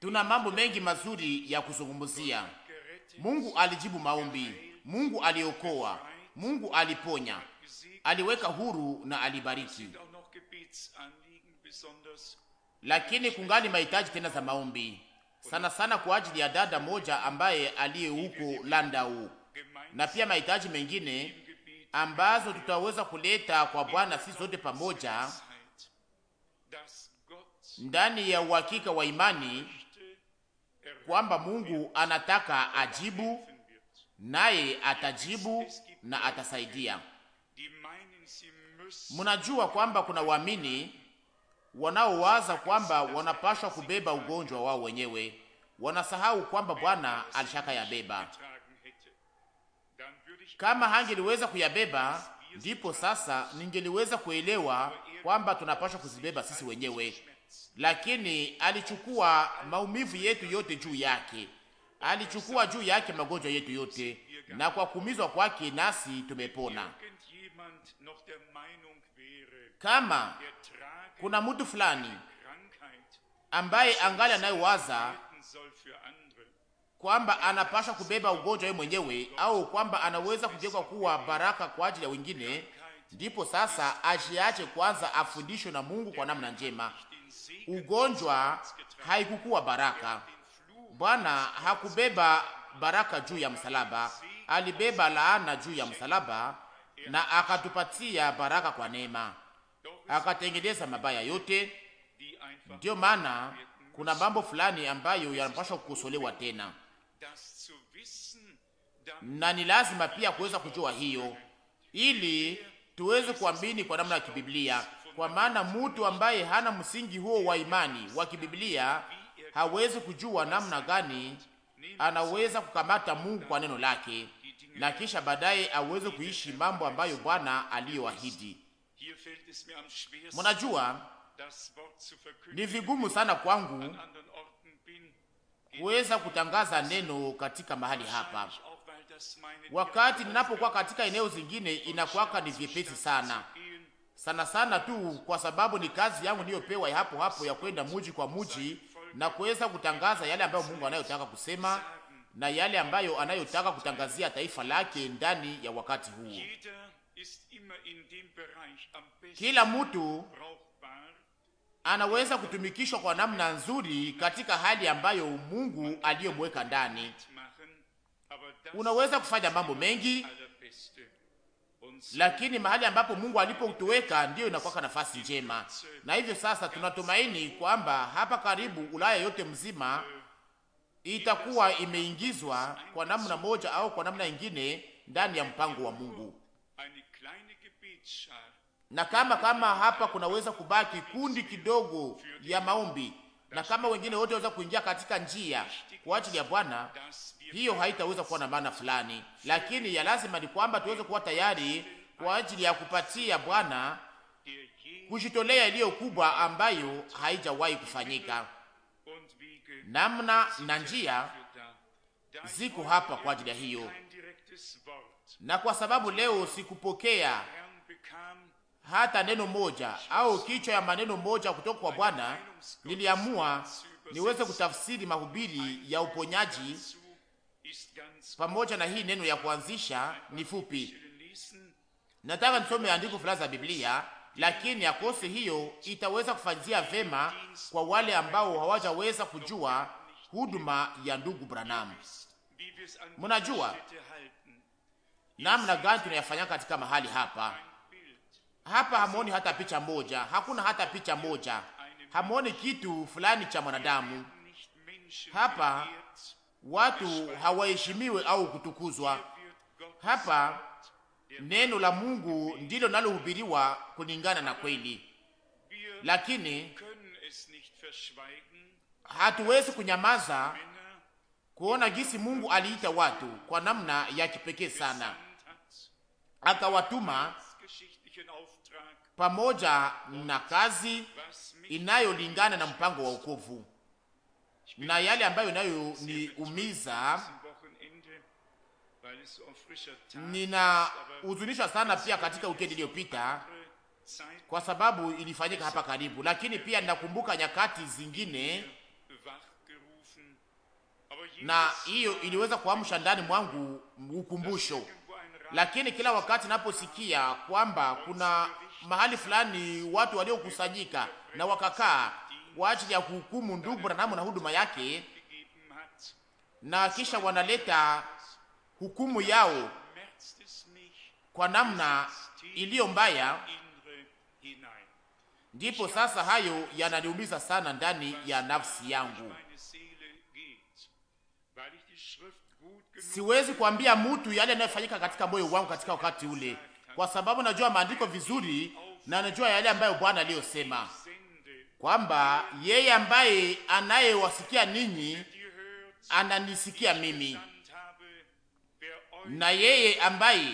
Tuna mambo mengi mazuri ya kuzungumzia. Mungu alijibu maombi, Mungu aliokoa, Mungu aliponya, aliweka huru na alibariki, lakini kungali mahitaji tena za maombi, sana sana kwa ajili ya dada moja ambaye aliye huko Landau na pia mahitaji mengine ambazo tutaweza kuleta kwa Bwana sisi sote pamoja ndani ya uhakika wa imani kwamba Mungu anataka ajibu, naye atajibu na atasaidia. Mnajua kwamba kuna waamini wanaowaza kwamba wanapashwa kubeba ugonjwa wao wenyewe, wanasahau kwamba Bwana alishaka yabeba kama hangeliweza kuyabeba, ndipo sasa ningeliweza kuelewa kwamba tunapaswa kuzibeba sisi wenyewe, lakini alichukua maumivu yetu yote juu yake, alichukua juu yake magonjwa yetu yote, na kwa kuumizwa kwake nasi tumepona. Kama kuna mtu fulani ambaye angali anayewaza kwamba anapasha kubeba ugonjwa yeye mwenyewe au kwamba anaweza kujekwa kuwa baraka kwa ajili ya wengine, ndipo sasa ajiache kwanza afundishwe na Mungu kwa namna njema. Ugonjwa haikukuwa baraka. Bwana hakubeba baraka juu ya msalaba, alibeba laana juu ya msalaba na akatupatia baraka kwa neema, akatengeneza mabaya yote. Ndiyo maana kuna mambo fulani ambayo yanapaswa kukosolewa tena na ni lazima pia kuweza kujua hiyo, ili tuweze kuamini kwa namna ya kibiblia, kwa maana mtu ambaye hana msingi huo wa imani wa kibiblia hawezi kujua namna gani anaweza kukamata Mungu kwa neno lake na kisha baadaye aweze kuishi mambo ambayo Bwana aliyoahidi. Mnajua, ni vigumu sana kwangu kuweza kutangaza neno katika mahali hapa. Wakati ninapokuwa katika eneo zingine, inakuwaka ni vyepesi sana sana sana tu, kwa sababu ni kazi yangu niliyopewa hapo hapo ya kwenda muji kwa muji na kuweza kutangaza yale ambayo Mungu anayotaka kusema na yale ambayo anayotaka kutangazia taifa lake ndani ya wakati huo. Kila mtu anaweza kutumikishwa kwa namna nzuri katika hali ambayo Mungu aliyomweka ndani. Unaweza kufanya mambo mengi, lakini mahali ambapo Mungu alipotuweka ndiyo inakuwa nafasi njema. Na hivyo sasa tunatumaini kwamba hapa karibu Ulaya yote mzima itakuwa imeingizwa kwa namna moja au kwa namna ingine ndani ya mpango wa Mungu na kama kama hapa kunaweza kubaki kundi kidogo ya maombi, na kama wengine wote waweza kuingia katika njia kwa ajili ya Bwana, hiyo haitaweza kuwa na maana fulani, lakini ya lazima ni kwamba tuweze kuwa tayari kwa ajili ya kupatia Bwana kujitolea iliyo kubwa ambayo haijawahi kufanyika. Namna na njia ziko hapa kwa ajili ya hiyo, na kwa sababu leo sikupokea hata neno moja au kichwa ya maneno moja kutoka kwa Bwana, niliamua niweze kutafsiri mahubiri ya uponyaji pamoja na hii neno ya kuanzisha. Ni fupi, nataka nisome andiko fulani za Biblia, lakini akose hiyo itaweza kufanyia vema kwa wale ambao hawajaweza kujua huduma ya ndugu Branham. Mnajua namna gani tunayafanya katika mahali hapa hapa hamoni hata picha moja, hakuna hata picha moja, hamoni kitu fulani cha mwanadamu hapa. Watu hawaheshimiwe au kutukuzwa hapa. Neno la Mungu ndilo nalohubiriwa kulingana na kweli, lakini hatuwezi kunyamaza kuona jinsi Mungu aliita watu kwa namna ya kipekee sana, akawatuma pamoja na kazi inayolingana na mpango wa wokovu na yale ambayo inayoniumiza ninahuzunishwa sana pia katika wikendi iliyopita, kwa sababu ilifanyika hapa karibu, lakini pia ninakumbuka nyakati zingine, na hiyo iliweza kuamsha ndani mwangu ukumbusho. Lakini kila wakati naposikia kwamba kuna mahali fulani watu waliokusanyika na wakakaa kwa ajili ya kuhukumu ndugu Branhamu na huduma yake, na kisha wanaleta hukumu yao kwa namna iliyo mbaya, ndipo sasa hayo yananiumiza sana ndani ya nafsi yangu. Siwezi kuambia mtu yale yanayofanyika katika moyo wangu katika wakati ule, kwa sababu najua maandiko vizuri na najua yale ambayo Bwana aliyosema kwamba yeye ambaye anayewasikia ninyi ananisikia mimi, na yeye ambaye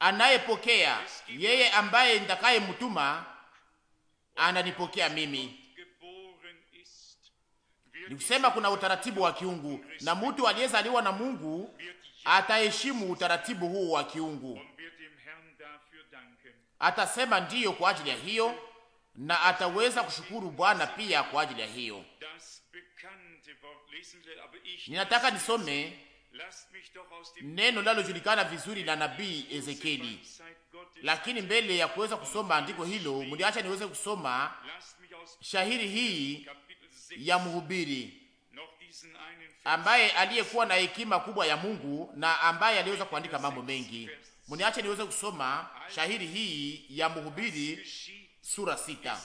anayepokea yeye ambaye mtuma ananipokea mimi. Nikusema kuna utaratibu wa kiungu, na mtu aliyezaliwa na Mungu ataheshimu utaratibu huu wa kiungu, atasema ndiyo kwa ajili ya hiyo, na ataweza kushukuru Bwana pia kwa ajili ya hiyo. Ninataka nisome neno linalojulikana vizuri la nabii Ezekieli, lakini mbele ya kuweza kusoma andiko hilo, mliacha niweze kusoma shahiri hii ya mhubiri ambaye aliyekuwa na hekima kubwa ya Mungu na ambaye aliweza kuandika mambo mengi. Mniache niweze kusoma shahiri hii ya Mhubiri sura sita,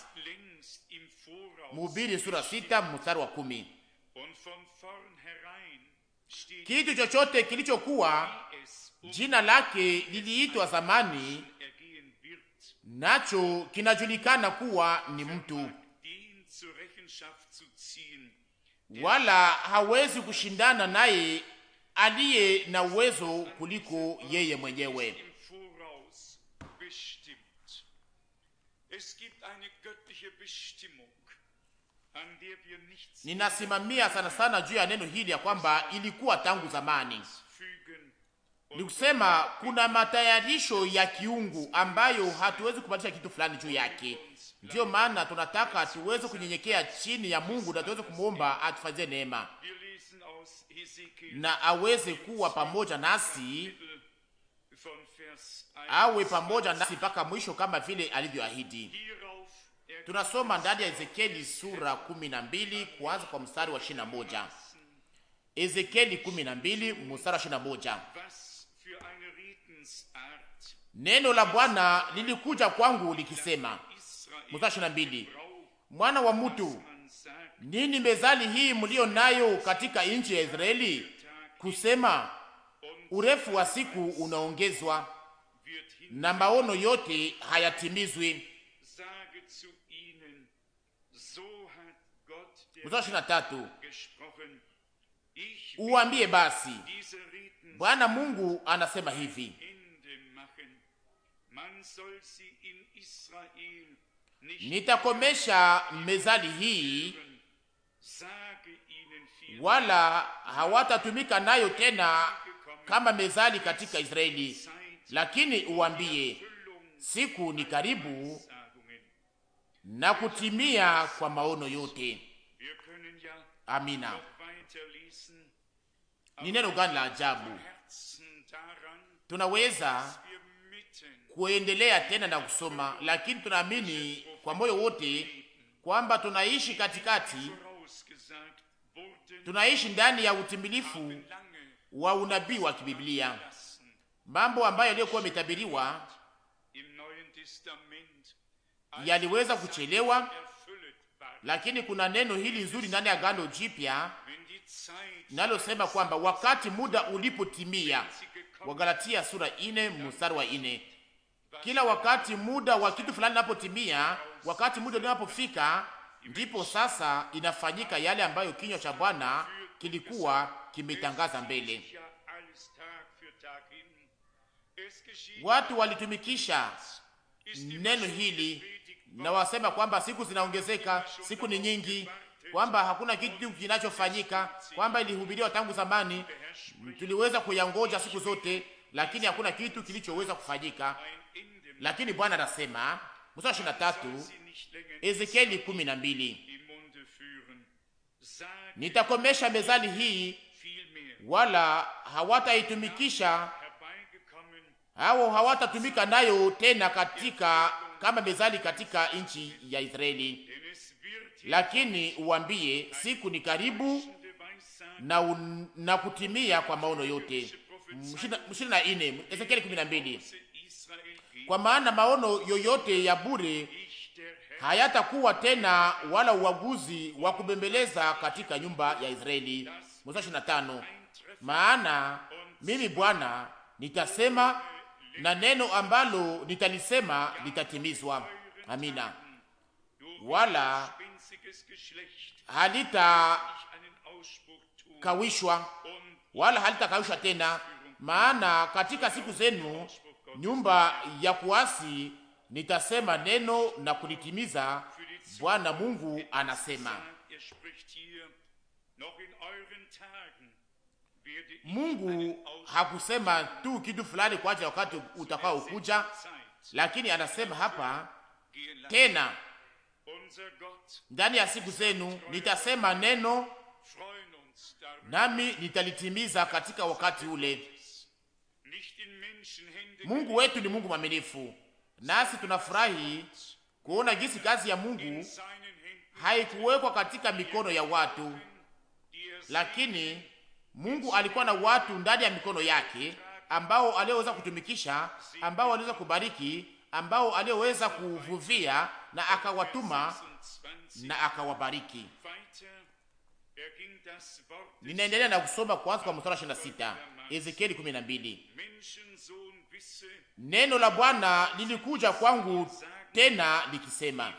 Mhubiri sura sita mstari wa kumi. Kitu chochote kilichokuwa jina lake liliitwa zamani, nacho kinajulikana kuwa ni mtu wala hawezi kushindana naye aliye na uwezo kuliko yeye mwenyewe. Ninasimamia sana sana juu ya neno hili ya kwamba ilikuwa tangu zamani, ni kusema kuna matayarisho ya kiungu ambayo hatuwezi kubadilisha kitu fulani juu yake, Ndiyo maana tunataka tuweze kunyenyekea chini ya Mungu na tuweze kumwomba atufanyie neema na aweze kuwa pamoja nasi, awe pamoja nasi mpaka mwisho kama vile alivyoahidi. Tunasoma ndani ya Ezekieli sura kumi na mbili kuanza kwa mstari wa ishirini na moja. Ezekieli kumi na mbili mstari wa ishirini na moja. Neno la Bwana lilikuja kwangu likisema mstari na mbili mwana wa mtu, nini mezali hii mlio nayo katika nchi ya Israeli kusema urefu wa siku unaongezwa na maono yote hayatimizwi. Mstari na tatu uambie basi, Bwana Mungu anasema hivi nitakomesha mezali hii, wala hawatatumika nayo tena kama mezali katika Israeli. Lakini uambie siku ni karibu na kutimia kwa maono yote. Amina. Ni neno gani la ajabu! Tunaweza kuendelea tena na kusoma, lakini tunaamini kwa moyo wote kwamba tunaishi katikati, tunaishi ndani ya utimilifu wa unabii wa kibiblia, mambo ambayo yaliyokuwa yametabiriwa yaliweza kuchelewa, lakini kuna neno hili nzuri ndani ya Agano Jipya nalosema kwamba wakati muda ulipotimia, Wagalatia sura ine mstari wa ine. Kila wakati muda wa kitu fulani napotimia Wakati muda unapofika, ndipo sasa inafanyika yale ambayo kinywa cha Bwana kilikuwa kimetangaza mbele. Watu walitumikisha neno hili na wasema kwamba siku zinaongezeka, siku ni nyingi, kwamba hakuna kitu kinachofanyika, kwamba ilihubiriwa tangu zamani, tuliweza kuyangoja siku zote, lakini hakuna kitu kilichoweza kufanyika. Lakini Bwana anasema mstari ishirini na tatu Ezekieli kumi na mbili nitakomesha mezali hii, wala hawataitumikisha hao hawatatumika nayo tena katika kama mezali katika nchi ya Israeli. Lakini uambie siku ni karibu na, un, na kutimia kwa maono yote. ishirini na nne Ezekieli kumi na mbili kwa maana maono yoyote ya bure hayatakuwa tena wala uaguzi wa kubembeleza katika nyumba ya Israeli. Mstari wa tano, maana mimi Bwana nitasema na neno ambalo nitalisema litatimizwa. Amina. Wala halitakawishwa wala halitakawishwa tena, maana katika siku zenu nyumba ya kuasi nitasema neno na kulitimiza. Bwana Mungu anasema. Mungu hakusema tu kitu fulani kwa ajili ya wakati utakao lakini anasema hapa tena, ndani ya siku zenu nitasema neno nami nitalitimiza katika wakati ule Mungu wetu ni Mungu mwaminifu, nasi tunafurahi kuona jinsi kazi ya Mungu haikuwekwa katika mikono ya watu, lakini Mungu alikuwa na watu ndani ya mikono yake ambao aliyeweza kutumikisha, ambao aliweza kubariki, ambao aliyeweza kuvuvia, na akawatuma na akawabariki. Ninaendelea na kusoma kwanza kwa mstari wa 26 Ezekieli 12. Neno la Bwana lilikuja kwangu tena likisema,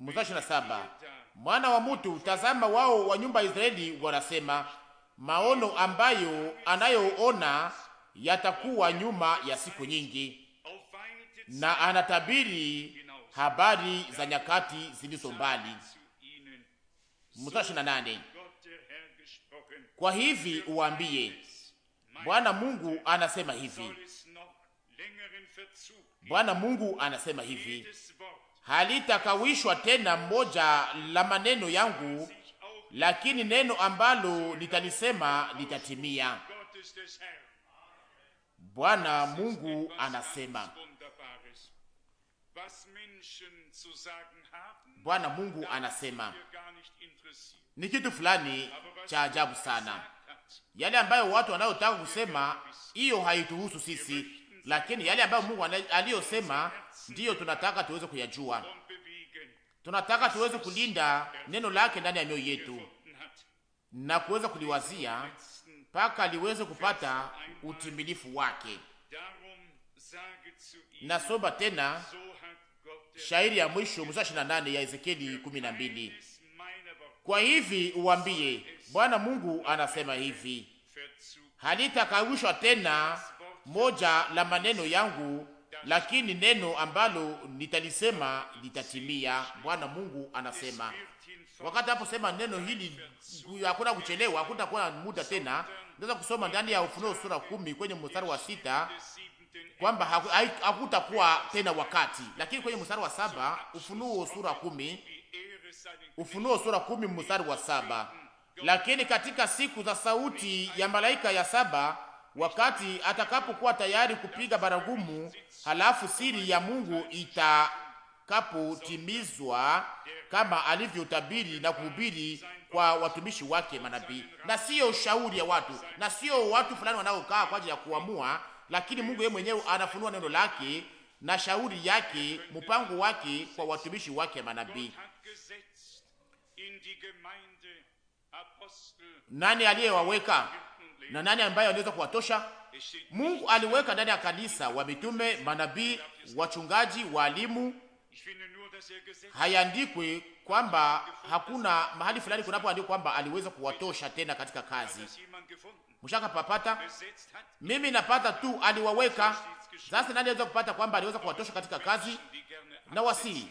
mstari wa saba, mwana wa mtu, tazama, wao wa nyumba ya Israeli wanasema, maono ambayo anayoona yatakuwa nyuma ya siku nyingi, na anatabiri habari za nyakati zilizo mbali. Mstari wa nane, kwa hivi uambie Bwana Mungu anasema hivi, Bwana Mungu anasema hivi, halitakawishwa tena moja la maneno yangu, lakini neno ambalo nitalisema litatimia. Bwana Mungu anasema Bwana Mungu anasema. Ni kitu fulani cha ajabu sana yale ambayo watu wanayotaka kusema, hiyo haituhusu sisi, lakini yale ambayo Mungu aliyosema ndiyo tunataka tuweze kuyajua. Tunataka tuweze kulinda neno lake ndani ya mioyo yetu na kuweza kuliwazia mpaka liweze kupata utimilifu wake. Nasoma tena shairi ya mwisho mstari 28 ya Ezekieli 12, kwa hivi uambie Bwana Mungu anasema hivi, halitakawishwa tena moja la maneno yangu, lakini neno ambalo nitalisema litatimia. Bwana Mungu anasema. Wakati hapo sema neno hili, hakuna kuchelewa, hakuna kuwa muda tena. Naweza kusoma ndani ya Ufunuo sura kumi kwenye mstari wa sita kwamba hakutakuwa tena wakati, lakini kwenye mstari wa saba Ufunuo sura kumi Ufunuo sura kumi mstari wa saba lakini katika siku za sauti ya malaika ya saba, wakati atakapokuwa tayari kupiga baragumu, halafu siri ya Mungu itakapotimizwa kama alivyotabiri na kuhubiri kwa watumishi wake manabii, na siyo ushauri ya watu na sio watu fulani wanaokaa kwa ajili ya kuamua, lakini Mungu yeye mwenyewe anafunua neno lake na shauri yake, mpango wake kwa watumishi wake manabii nani aliyewaweka na nani ambaye aliweza kuwatosha? Mungu aliweka ndani ya kanisa wa mitume, manabii, wachungaji, walimu. Hayandikwi kwamba hakuna mahali fulani kunapoandikwa kwamba aliweza kuwatosha tena katika kazi. Mshaka papata, mimi napata tu aliwaweka. Sasa nani aweza kupata kwamba aliweza kuwatosha katika kazi? Na wasii,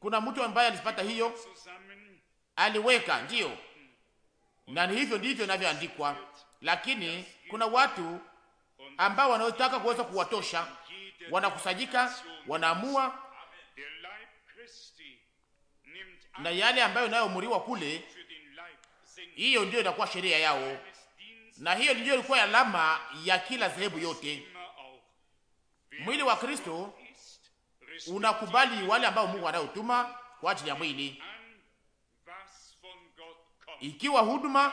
kuna mtu ambaye alipata hiyo, aliweka, ndiyo na ni hivyo ndivyo inavyoandikwa, lakini kuna watu ambao wanaotaka kuweza kuwatosha, wanakusajika wanaamua na yale ambayo inayoamuriwa kule, hiyo ndiyo inakuwa sheria yao, na hiyo ndiyo ilikuwa alama ya kila dhehebu yote. Mwili wa Kristo unakubali wale ambao Mungu anayotuma kwa ajili ya mwili ikiwa huduma,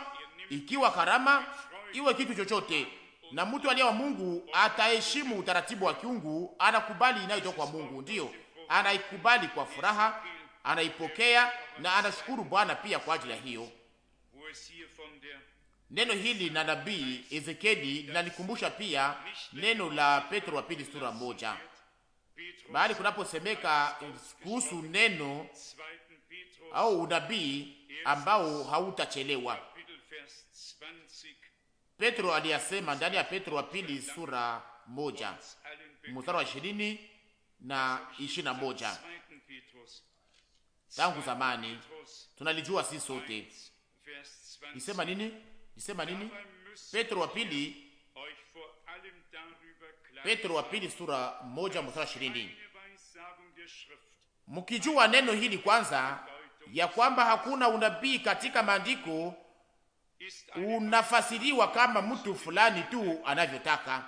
ikiwa karama, iwe kitu chochote. Na mtu aliye wa Mungu ataheshimu utaratibu wa kiungu, anakubali inayotoka kwa Mungu, ndiyo anaikubali kwa furaha, anaipokea na anashukuru Bwana pia kwa ajili ya hiyo. Neno hili na nabii Ezekieli linalikumbusha pia neno la Petro wa pili sura moja bali kunaposemeka kuhusu neno au unabii ambao hautachelewa. Petro aliyasema ndani ya Petro wa pili sura moja mstari wa ishirini na ishirini na moja. Tangu zamani tunalijua si sote Isema nini, Isema nini? Petro wa pili, Petro wa pili sura moja mstari wa ishirini mkijua neno hili kwanza ya kwamba hakuna unabii katika maandiko unafasiriwa kama mtu fulani tu anavyotaka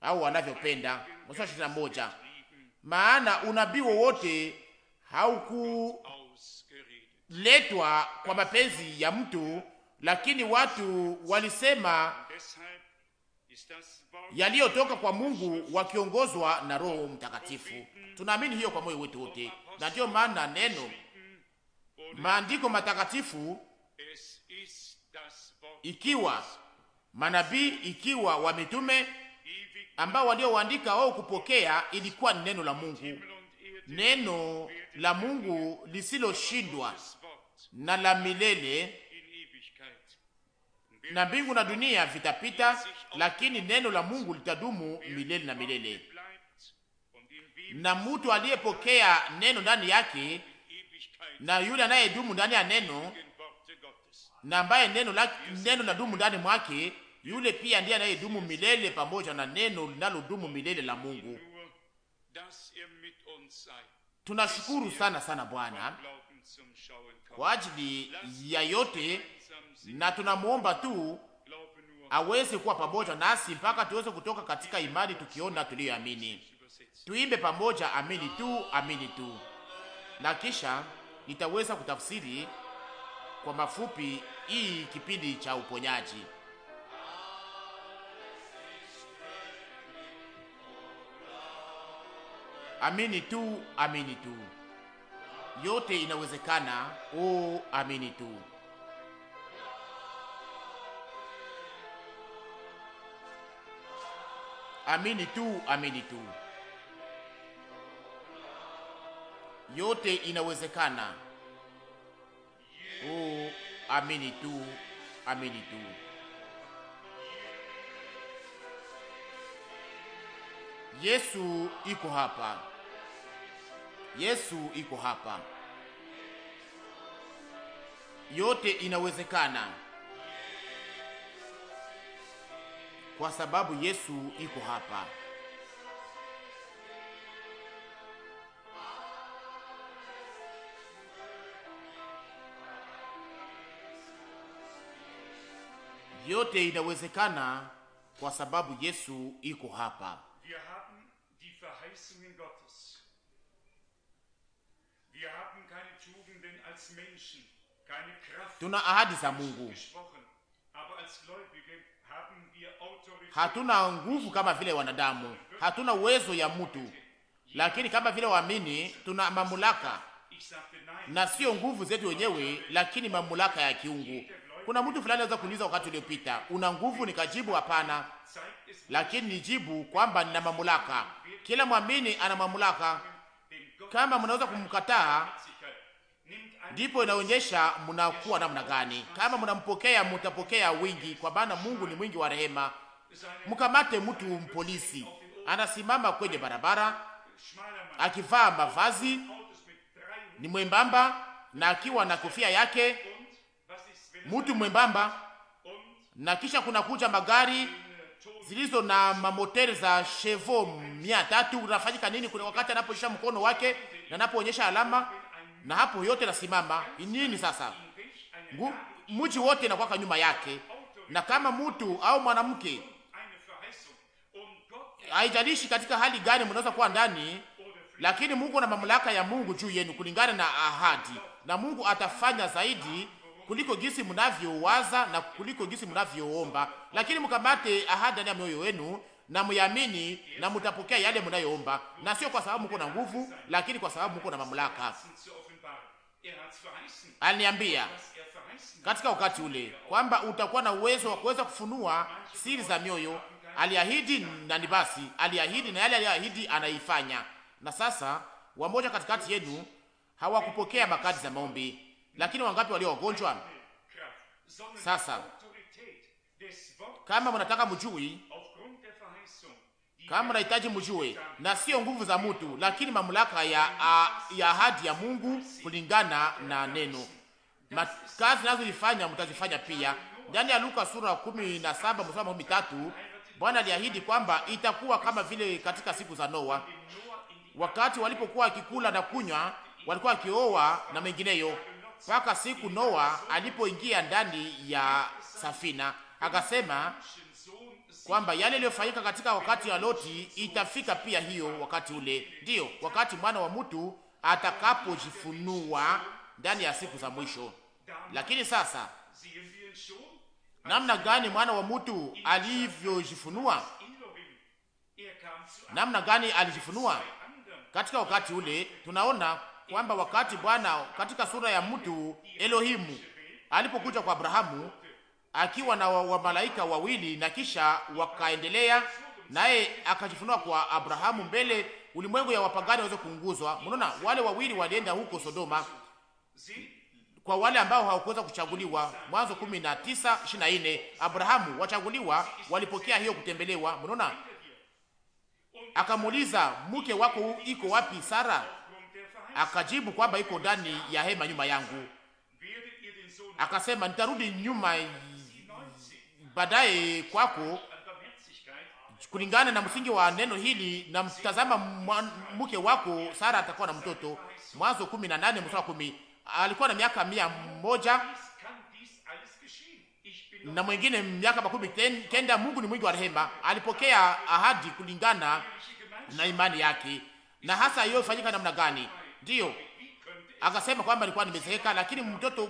au anavyopenda. Mstari ishirini na moja, maana unabii wowote haukuletwa kwa mapenzi ya mtu, lakini watu walisema yaliyotoka kwa Mungu wakiongozwa na Roho Mtakatifu. Tunaamini hiyo kwa moyo wetu wote, na ndiyo maana neno maandiko matakatifu, ikiwa manabii, ikiwa wa mitume ambao walioandika wao kupokea, ilikuwa ni neno la Mungu, neno la Mungu lisiloshindwa na la milele, na mbingu na dunia vitapita, lakini neno la Mungu litadumu milele na milele. Na mtu aliyepokea neno ndani yake na yule anayedumu ndani ya neno na ambaye neno la neno na dumu ndani mwake, yule pia ndiye anayedumu milele pamoja na neno linalodumu milele la Mungu. Tunashukuru sana sana Bwana kwa ajili ya yote, na tunamwomba tu aweze kuwa pamoja nasi mpaka tuweze kutoka katika imani tukiona tuliyoamini. Tuimbe pamoja, amini tu, amini tu, na kisha nitaweza kutafsiri kwa mafupi hii kipindi cha uponyaji. Amini tu, amini tu, yote inawezekana. O, amini tu. Amini tu, amini tu. yote inawezekana. Oh, amini tu, amini tu. Yesu iko hapa, Yesu iko hapa, yote inawezekana kwa sababu Yesu iko hapa. yote inawezekana kwa sababu Yesu iko hapa. Tuna ahadi za Mungu, hatuna nguvu kama vile wanadamu, hatuna uwezo ya mtu, lakini kama vile waamini tuna mamlaka na sio nguvu zetu wenyewe, lakini mamlaka ya kiungu. Kuna mtu fulani anaweza kuniuliza wakati uliopita, una nguvu? Nikajibu hapana, lakini nijibu kwamba nina mamlaka. Kila mwamini ana mamlaka. Kama mnaweza kumkataa, ndipo inaonyesha mnakuwa namna gani. Kama mnampokea, mtapokea wingi, kwa maana Mungu ni mwingi wa rehema. Mkamate mtu mpolisi, anasimama kwenye barabara akivaa mavazi ni mwembamba na akiwa na kofia yake mutu mwembamba, na kisha kuna kuja magari zilizo na mamoteri za chevo mia tatu. Unafanyika nini wakati anapoisha mkono wake na anapoonyesha alama, na hapo yote nasimama nini sasa? Mji wote nakwaka nyuma yake, na kama mtu au mwanamke, haijalishi katika hali gani mnaweza kuwa ndani, lakini Mungu na mamlaka ya Mungu juu yenu kulingana na ahadi, na Mungu atafanya zaidi kuliko jinsi mnavyowaza na kuliko jinsi mnavyoomba, lakini mkamate ahadi ndani ya mioyo wenu na muyamini na mtapokea yale mnayoomba, na sio kwa sababu mko na nguvu, lakini kwa sababu mko na mamlaka. Aliniambia katika wakati ule kwamba utakuwa na uwezo wa kuweza kufunua siri za mioyo. Aliahidi na ni basi, aliahidi na yale aliyoahidi anaifanya. Na sasa wamoja katikati yenu hawakupokea makadi za maombi lakini wangapi walio wagonjwa? Sasa kama mnataka mjui, kama mnahitaji mjue, na sio nguvu za mtu, lakini mamlaka ya ya ahadi ya Mungu kulingana na neno. Kazi nazozifanya mtazifanya pia. Ndani ya Luka sura 17 mstari wa 13, Bwana aliahidi kwamba itakuwa kama vile katika siku za Noa, wakati walipokuwa wakikula na kunywa, walikuwa wakioa na mengineyo mpaka siku Noa alipoingia ndani ya safina, akasema kwamba yale yaliyofanyika katika wakati wa Loti itafika pia hiyo wakati ule, ndiyo wakati mwana wa mtu atakapojifunua ndani ya siku za mwisho. Lakini sasa namna gani mwana wa mtu alivyojifunua? Namna gani alijifunua katika wakati ule? Tunaona kwamba wakati Bwana katika sura ya mtu Elohimu alipokuja kwa Abrahamu akiwa na wamalaika wa wawili na kisha wakaendelea naye akajifunua kwa Abrahamu mbele ulimwengu ya wapagani waweze kuunguzwa. Mnaona wale wawili walienda huko Sodoma, kwa wale ambao hawakuweza kuchaguliwa. Mwanzo 19:24 Abrahamu wachaguliwa walipokea hiyo kutembelewa. Mnaona akamuuliza mke wako iko wapi Sara? Akajibu kwamba iko ndani ya hema nyuma yangu. Akasema, nitarudi nyuma baadaye kwako kulingana na msingi wa neno hili, na mtazama mke wako Sara atakuwa na mtoto. Mwanzo 18 mstari wa 10. Alikuwa na miaka mia moja na mwingine miaka makumi kenda. Mungu ni mwingi wa rehema, alipokea ahadi kulingana na imani yake. Na hasa hiyo ifanyika namna gani? ndio akasema kwamba alikuwa nimezeeka, lakini mtoto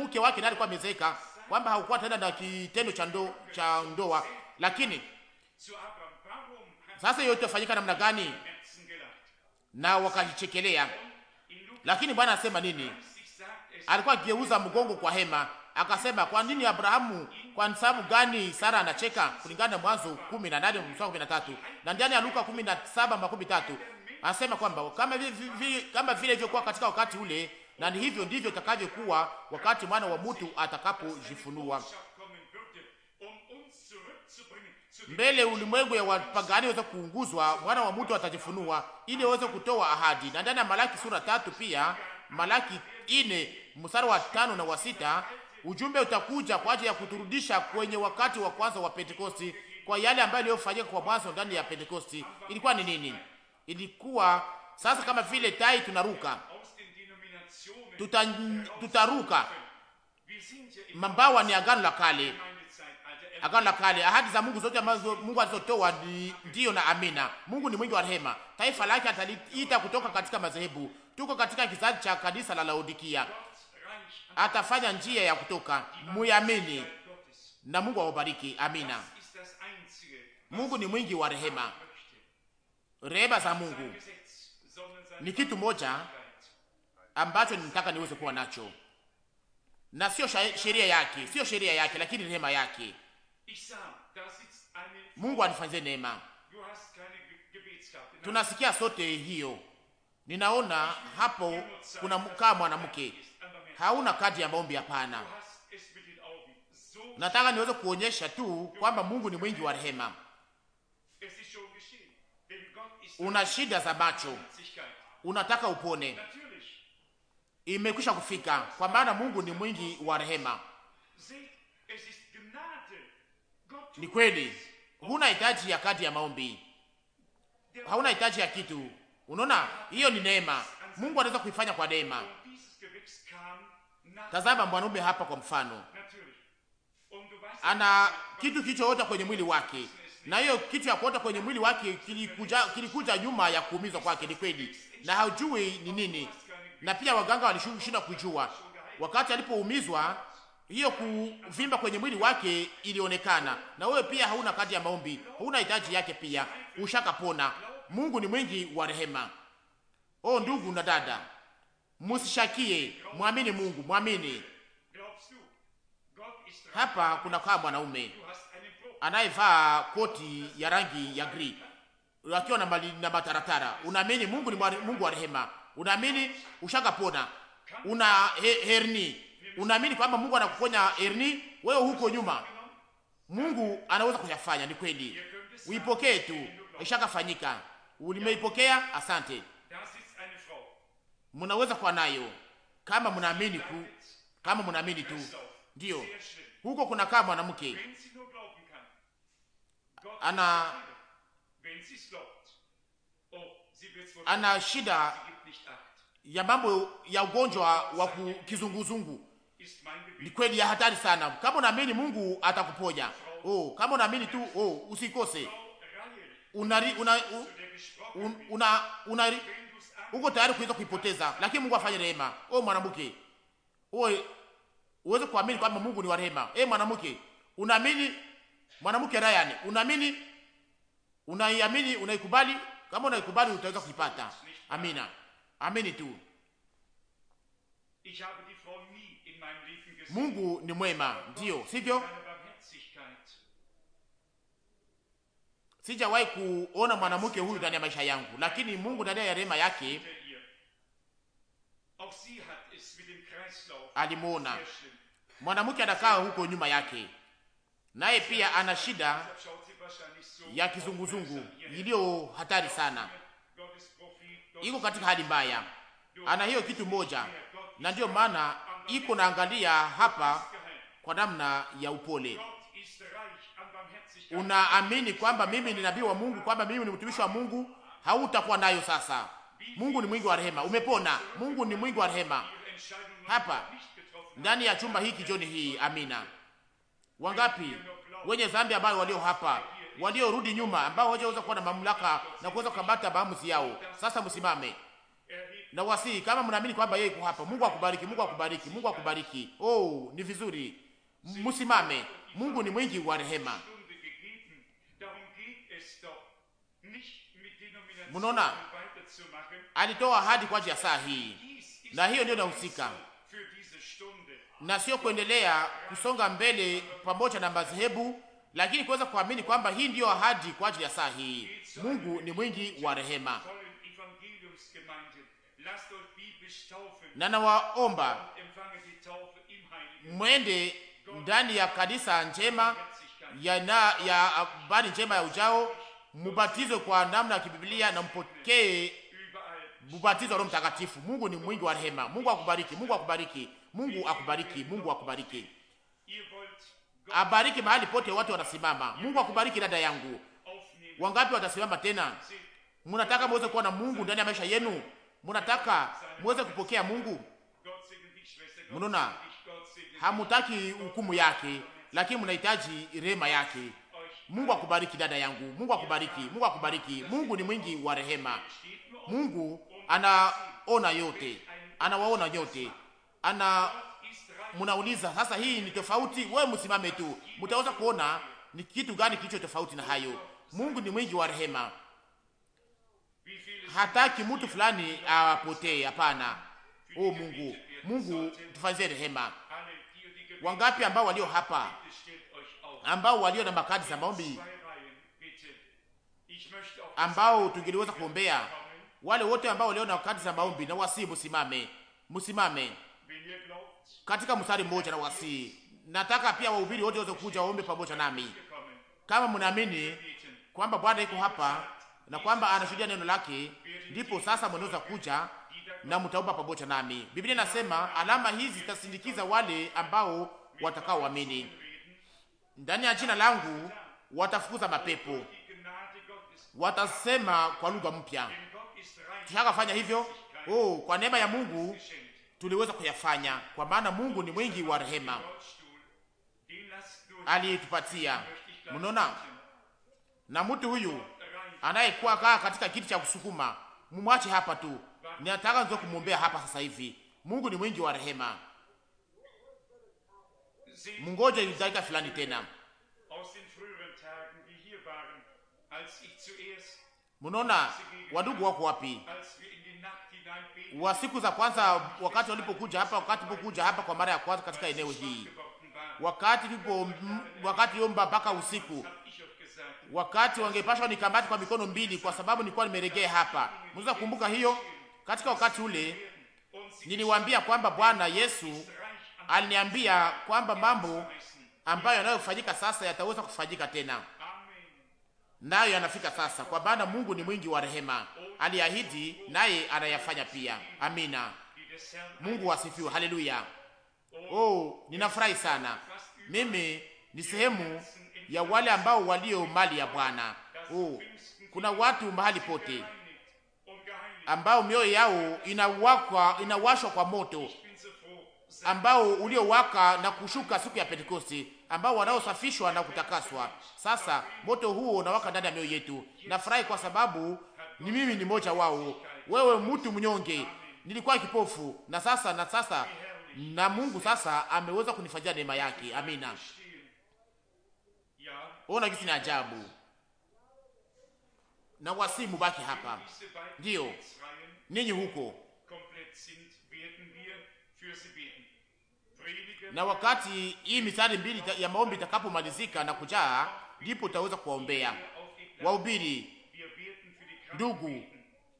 mke wake naye alikuwa amezeeka, kwamba hakukuwa tena na kitendo cha ndo, cha ndoa. Lakini sasa hiyo itafanyika namna gani? Na wakajichekelea. Lakini Bwana anasema nini? Alikuwa akigeuza mgongo kwa hema, akasema kwa nini Abrahamu, kwa sababu gani Sara anacheka? Kulingana na Mwanzo 18 mstari 13 na ndani ya Luka 17:13 makumi Anasema kwamba kama vile kama vile ilivyokuwa katika wakati ule, na ni hivyo ndivyo itakavyokuwa wakati mwana wa mtu atakapojifunua mbele ulimwengu ya wapagani waweze kuunguzwa, mwana wa mtu atajifunua ili aweze kutoa ahadi. Na ndani ya Malaki sura tatu pia Malaki ine mstari wa tano na wa sita ujumbe utakuja kwa ajili ya kuturudisha kwenye wakati wa kwanza wa Pentekosti, kwa yale ambayo iliyofanyika kwa mwanzo ndani ya Pentekosti ilikuwa ni nini? ilikuwa sasa kama vile tai tunaruka, tuta, tutaruka. Mambawa ni agano la kale, agano la kale, ahadi za Mungu zote ambazo Mungu alizotoa ndiyo na amina. Mungu ni mwingi wa rehema, taifa lake ataliita kutoka katika madhehebu. Tuko katika kizazi cha kanisa la Laodikia, atafanya njia ya kutoka. Muyamini na Mungu awabariki. Amina. Mungu ni mwingi wa rehema rehema za Mungu ni kitu moja ambacho nitaka niweze kuwa nacho, na sio sheria yake, sio sheria yake, lakini neema yake. Mungu anifanyie neema. Tunasikia sote hiyo. Ninaona hapo kuna kaa mwanamke hauna kadi ya maombi, hapana. Nataka niweze kuonyesha tu kwamba Mungu ni mwingi wa rehema una shida za macho, unataka upone, imekwisha kufika, kwa maana Mungu ni mwingi wa rehema. Ni kweli, huna hitaji ya kadi ya maombi, hauna hitaji ya kitu. Unaona, hiyo ni neema. Mungu anaweza kuifanya kwa neema. Tazama mwanaume hapa, kwa mfano, ana kitu kilichoota kwenye mwili wake na hiyo kitu ya kuota kwenye mwili wake kilikuja, kilikuja nyuma ya kuumizwa kwake, ni kweli, na hajui ni nini, na pia waganga walishindwa kujua wakati alipoumizwa. Hiyo kuvimba kwenye mwili wake ilionekana, na wewe pia hauna kadi ya maombi, hauna hitaji yake, pia ushakapona. Mungu ni mwingi wa rehema. o ndugu na dada, musishakie, mwamini Mungu, mwamini. Hapa kunakaa mwanaume anayevaa koti ya rangi ya gri wakiwa na, na mataratara. Unaamini Mungu ni Mungu wa rehema, unaamini ushakapona, una he, herni, unaamini kwamba Mungu anakuponya herni. Wewe huko nyuma, Mungu anaweza kuyafanya. Ni kweli, uipokee tu, ishakafanyika. Ulimeipokea, asante. Mnaweza kuwa nayo kama mnaamini ku, kama mnaamini tu. Ndio huko kunakaa mwanamke ana ana shida ya mambo ya ugonjwa wa kizunguzungu. Ni kweli ya hatari sana. Kama unaamini Mungu atakuponya. Oh, kama unaamini tu, oh, usikose. Unari, una, u, un, una, unari, uko tayari kuweza kuipoteza, lakini Mungu afanye rehema. Oh, mwanamke. Oh, uweze kuamini kwamba Mungu ni wa rehema. Eh, mwanamke, unaamini mwanamke naye unaamini, unaiamini, unaikubali. Kama unaikubali utaweza kuipata. Amina, amini tu. Mungu ni mwema, ndiyo sivyo? Sijawahi kuona mwanamke huyu ndani ya maisha yangu, lakini Mungu ndani ya rehema yake alimuona mwanamke anakaa huko nyuma yake naye pia ana shida ya kizunguzungu iliyo hatari sana, iko katika hali mbaya, ana hiyo kitu moja, na ndiyo maana iko naangalia hapa kwa namna ya upole. Unaamini kwamba mimi ni nabii wa Mungu, kwamba mimi ni mtumishi wa Mungu? Hautakuwa nayo sasa. Mungu ni mwingi wa rehema, umepona. Mungu ni mwingi wa rehema hapa ndani ya chumba hiki jioni hii. Amina. Wangapi wenye zambi ambao walio hapa, waliorudi nyuma, ambao hawajaweza kuwa na mamlaka na kuweza kukamata maamuzi yao? Sasa msimame na wasi, kama mnaamini kwamba yeye yuko hapa. Mungu akubariki, Mungu akubariki, Mungu akubariki. Oh, ni vizuri, msimame. Mungu ni mwingi wa rehema. Mnaona, alitoa ahadi kwa ajili ya saa hii, na hiyo ndio inahusika na sio kuendelea kusonga mbele pamoja na madhehebu, lakini kuweza kuamini kwamba hii ndiyo ahadi kwa ajili ya saa hii. Mungu ni mwingi wa rehema, na nawaomba mwende ndani ya kanisa njema ya na ya habari njema ya ujao, mubatizwe kwa namna ya kibiblia na mpokee mubatizo wa Roho Mtakatifu. Mungu ni mwingi wa rehema. Mungu akubariki. Mungu akubariki. Mungu akubariki, Mungu akubariki, abariki mahali pote watu wanasimama. Mungu akubariki dada yangu. Wangapi watasimama tena? Munataka muweze kuwa na Mungu ndani ya maisha yenu, munataka muweze kupokea Mungu. Mnaona hamutaki hukumu yake, lakini mnahitaji rehema yake. Mungu akubariki dada yangu, Mungu akubariki, Mungu akubariki. Mungu ni mwingi wa rehema. Mungu anaona yote, anawaona yote ana mnauliza sasa, hii ni tofauti? Wewe msimame tu, mtaweza kuona ni kitu gani kilicho tofauti na hayo. Mungu ni mwingi wa rehema, hataki mtu fulani apotee. Hapana, oh Mungu, Mungu tufanyie rehema. Wangapi ambao walio hapa ambao walio na makadi za maombi ambao tungeliweza kuombea, wale wote ambao walio na kadi za maombi, na wasi, msimame, msimame katika mstari mmoja na wasii. Nataka pia wahubiri wote waweze kuja waombe pamoja nami, kama mnaamini kwamba Bwana yuko hapa na kwamba anashuhudia neno lake, ndipo sasa mnaweza kuja na mtaomba pamoja nami. Biblia inasema alama hizi zitasindikiza wale ambao watakaoamini, ndani ya jina langu watafukuza mapepo, watasema kwa lugha mpya. Tushakafanya hivyo. Oh, kwa neema ya Mungu tuliweza kuyafanya, kwa maana Mungu ni mwingi wa rehema aliyetupatia. Mnaona, na mtu huyu anayekuwa kaa katika kiti cha kusukuma, mumwache hapa tu. Ninataka nzo kumwombea hapa sasa hivi. Mungu ni mwingi wa rehema. Mungoje dakika fulani tena. Mnaona, wadugu wako wapi? wa siku za kwanza, wakati walipokuja hapa, wakati pokuja hapa kwa mara ya kwanza katika eneo hii, wakati lipo, wakati yomba mpaka usiku, wakati wangepashwa nikamati kwa mikono mbili, kwa sababu nilikuwa nimeregea hapa. Mnaweza kumbuka hiyo. Katika wakati ule niliwaambia kwamba Bwana Yesu aliniambia kwamba mambo ambayo yanayofanyika sasa yataweza kufanyika tena nayo yanafika sasa, kwa maana Mungu ni mwingi wa rehema, aliahidi naye anayafanya pia. Amina, Mungu asifiwe, haleluya. Oh, ninafurahi sana mimi ni sehemu ya wale ambao walio mali ya Bwana. Oh, kuna watu mahali pote ambao mioyo yao inawakwa inawashwa kwa moto ambao uliowaka na kushuka siku ya pentekosti ambao wanaosafishwa na kutakaswa. Sasa moto huo unawaka ndani ya mioyo yetu. Nafurahi kwa sababu ni mimi ni mmoja wao. Wewe mtu mnyonge, nilikuwa kipofu na sasa na sasa na Mungu sasa ameweza kunifanyia neema yake. Amina. Ona kitu ni ajabu. Na wasimu baki hapa, ndiyo ninyi huko na wakati hii misari mbili ya maombi itakapomalizika na kujaa, ndipo utaweza kuwaombea wahubiri. Ndugu,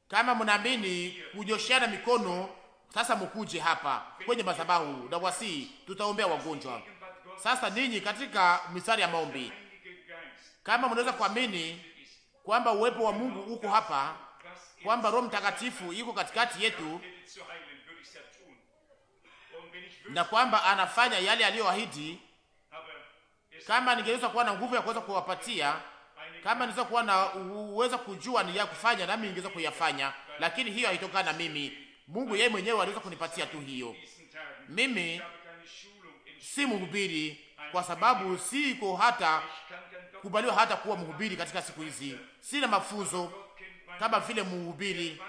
kama mnaamini kunyosheana mikono, sasa mkuje hapa kwenye madhabahu na wasii, tutaombea wagonjwa. Sasa ninyi katika misari ya maombi, kama mnaweza kuamini kwamba uwepo wa Mungu uko hapa, kwamba Roho Mtakatifu iko katikati yetu na kwamba anafanya yale aliyoahidi. Kama ningeweza kuwa na nguvu ya kuweza kuwapatia, kama ningeweza kuwa na uweza kujua ni ya kufanya, nami ningeweza kuyafanya, lakini hiyo haitokana na mimi. Mungu yeye mwenyewe aliweza kunipatia tu hiyo. Mimi si mhubiri, kwa sababu siko hata kubaliwa hata kuwa mhubiri katika siku hizi. Sina mafunzo kama vile mhubiri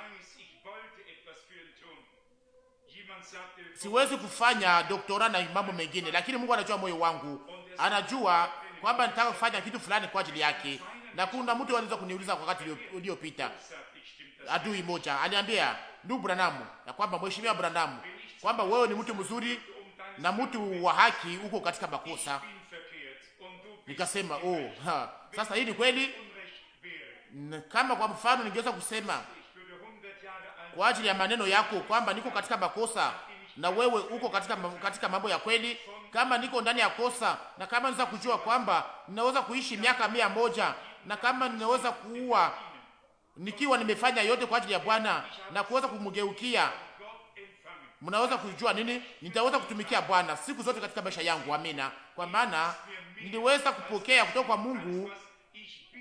siwezi kufanya doktora na mambo mengine, lakini Mungu anajua moyo wangu, anajua kwamba nitaka kufanya kitu fulani kwa ajili yake. Na kuna mtu aliweza kuniuliza kwa wakati uliopita, adui moja aliambia, ndugu Branamu, na kwamba mheshimiwa Branamu, kwamba wewe ni mtu mzuri na mtu wa haki, uko katika makosa. Nikasema oh, ha. Sasa hii ni kweli. Kama kwa mfano ningeweza kusema kwa ajili ya maneno yako kwamba niko katika makosa na wewe uko katika, katika mambo ya kweli. Kama niko ndani ya kosa na kama naweza kujua kwamba ninaweza kuishi miaka mia moja na kama ninaweza kuua nikiwa nimefanya yote kwa ajili ya Bwana na kuweza kumgeukia, mnaweza kujua nini? Nitaweza kutumikia Bwana siku zote katika maisha yangu. Amina, kwa maana niliweza kupokea kutoka kwa Mungu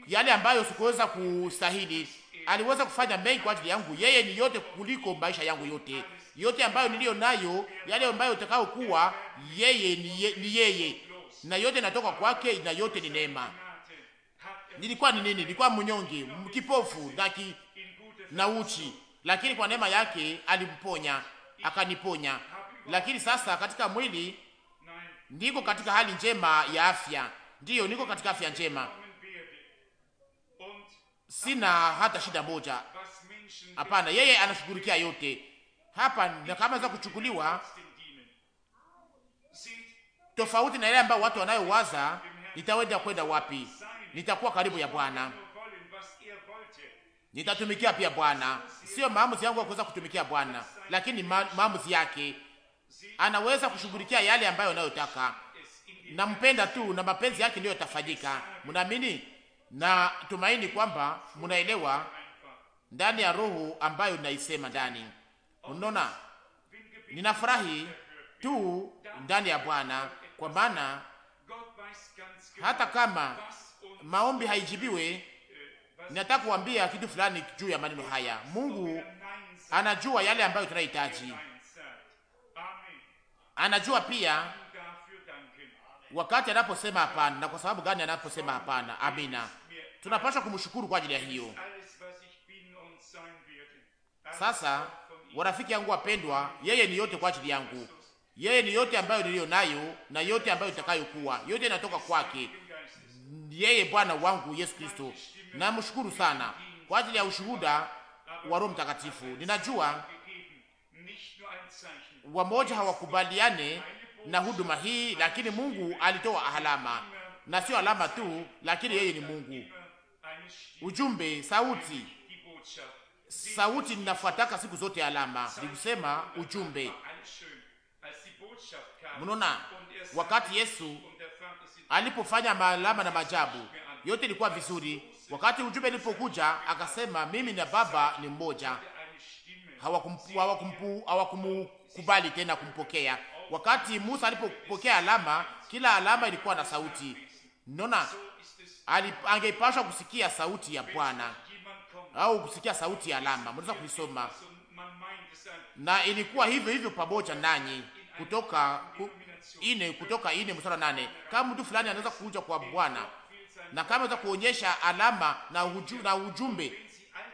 yale ambayo sikuweza kustahili aliweza kufanya mengi kwa ajili yangu. Yeye ni yote kuliko maisha yangu yote, yote ambayo niliyo nayo, yale ambayo utakao kuwa yeye ni, ye, ni yeye na yote natoka kwake, na yote ni neema. Nilikuwa ni nini? Nilikuwa mnyonge, kipofu na ki, na uchi, lakini kwa neema yake alimponya, akaniponya. Lakini sasa katika mwili niko katika hali njema ya afya, ndiyo, niko katika afya njema sina hata shida moja. Hapana, yeye anashughulikia yote. Hapa na kama za kuchukuliwa tofauti na ile ambayo watu wanayowaza, nitaweza kwenda wapi? Nitakuwa karibu ya Bwana, nitatumikia pia Bwana. Sio maamuzi yangu ya kuweza kutumikia Bwana, lakini maamuzi yake. Anaweza kushughulikia yale ambayo anayotaka, nampenda tu na mapenzi yake ndiyo yatafanyika. Mnaamini? na tumaini kwamba munaelewa ndani ya roho ambayo naisema ndani. Unaona, ninafurahi tu ndani ya Bwana, kwa maana hata kama maombi haijibiwe, ninataka kuambia kitu fulani juu ya maneno haya. Mungu anajua yale ambayo tunahitaji, anajua pia wakati anaposema hapana na kwa sababu gani anaposema hapana. Amina tunapaswa kumshukuru kwa ajili ya hiyo. Sasa warafiki yangu wapendwa, yeye ni yote kwa ajili yangu, yeye ni yote ambayo niliyo nayo na yote ambayo itakayokuwa, yote inatoka kwake yeye, Bwana wangu Yesu Kristo. Namshukuru sana kwa ajili ya ushuhuda wa Roho Mtakatifu. Ninajua wamoja hawakubaliane na huduma hii, lakini Mungu alitoa alama na sio alama tu, lakini yeye ni Mungu ujumbe, sauti, sauti ninafuataka siku zote alama, nikusema ujumbe. Mnaona, wakati Yesu alipofanya maalama na majabu yote ilikuwa vizuri. Wakati ujumbe ilipokuja akasema, mimi na Baba ni mmoja. Hawakumkubali tena kumpokea. Wakati Musa alipopokea alama, kila alama ilikuwa na sauti. Mnaona angepashwa kusikia sauti ya Bwana au kusikia sauti ya alama, mnaweza kuisoma, na ilikuwa hivyo hivyo pamoja nanyi kutoka ku, ine kutoka ine mstari nane. Kama mtu fulani anaweza kuja kwa Bwana na kama anaweza kuonyesha alama na, uju, na ujumbe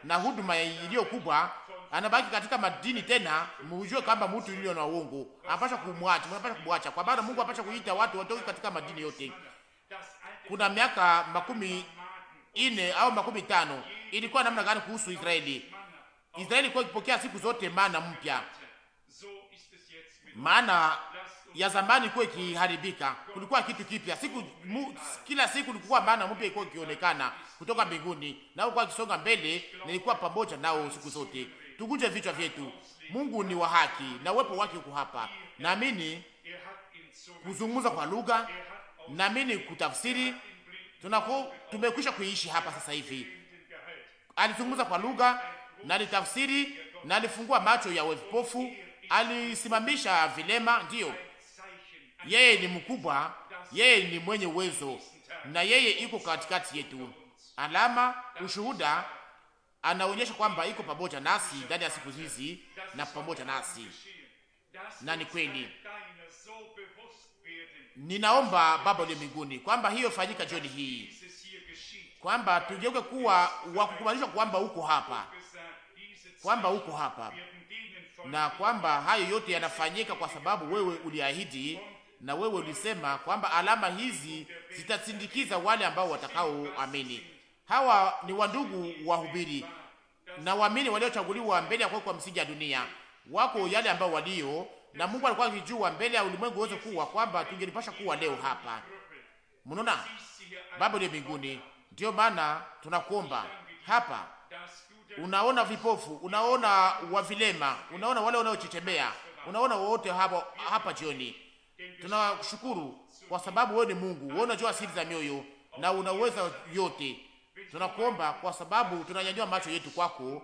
na huduma iliyo kubwa, anabaki katika madini tena, mujue kwamba mtu iliyo na uongo anapasha kumwacha, anapasha kumwacha kwa maana Mungu anapasha kuita watu watoke katika madini yote kuna miaka makumi ine au makumi tano ilikuwa namna gani kuhusu Israeli? Israeli ilikuwa ikipokea siku zote mana mpya, maana ya zamani ilikuwa ikiharibika, kulikuwa kitu kipya siku mu, kila siku kulikuwa mana mpya ilikuwa ikionekana kutoka mbinguni, na kwa kisonga mbele, nilikuwa pamoja nao siku zote. Tukunje vichwa vyetu. Mungu ni wa haki na uwepo wake uko hapa. Naamini kuzungumza kwa lugha ni kutafsiri tunako, tumekwisha kuishi hapa sasa hivi. Alizungumza kwa lugha na alitafsiri na alifungua macho ya wepofu, alisimamisha vilema. Ndiyo, yeye ni mkubwa, yeye ni mwenye uwezo, na yeye iko katikati yetu. Alama ushuhuda anaonyesha kwamba iko pamoja nasi ndani ya siku hizi na pamoja nasi, na ni kweli Ninaomba Baba uliye mbinguni kwamba hiyo fanyika jioni hii, kwamba tujeuke kuwa wa kwamba uko hapa, kwamba uko hapa, na kwamba hayo yote yanafanyika kwa sababu wewe uliahidi, na wewe ulisema kwamba alama hizi zitasindikiza wale ambao watakaoamini. Hawa ni wandugu wahubiri na waamini waliochaguliwa mbele ya kuwekwa msingi ya dunia, wako yale ambao walio na Mungu alikuwa akijua mbele ya ulimwengu wote kuwa kwamba tungelipasha kuwa leo hapa. Mnaona, Baba ni mbinguni. ndio maana tunakuomba hapa, unaona vipofu, unaona wavilema, unaona wale wanaochechemea, unaona wote hapo hapa jioni. Tunashukuru kwa sababu wewe ni Mungu, wewe unajua siri za mioyo na unaweza yote. Tunakuomba kwa sababu tunanyanyua macho yetu kwako,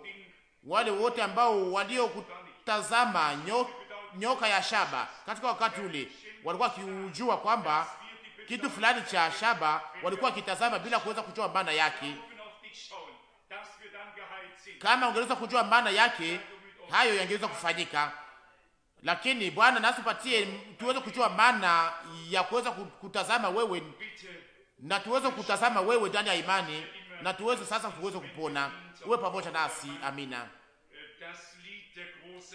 wale wote ambao walio kutazama nyoka nyoka ya shaba katika wakati ule, walikuwa wakiujua kwamba kitu fulani cha shaba walikuwa wakitazama bila kuweza kujua maana yake. Kama ungeweza kujua maana yake, hayo yangeweza kufanyika. Lakini Bwana nasipatie tuweze kujua maana ya kuweza kutazama wewe, na tuweze kutazama wewe ndani ya imani, na tuweze sasa tuweze kupona. Uwe pamoja nasi, amina.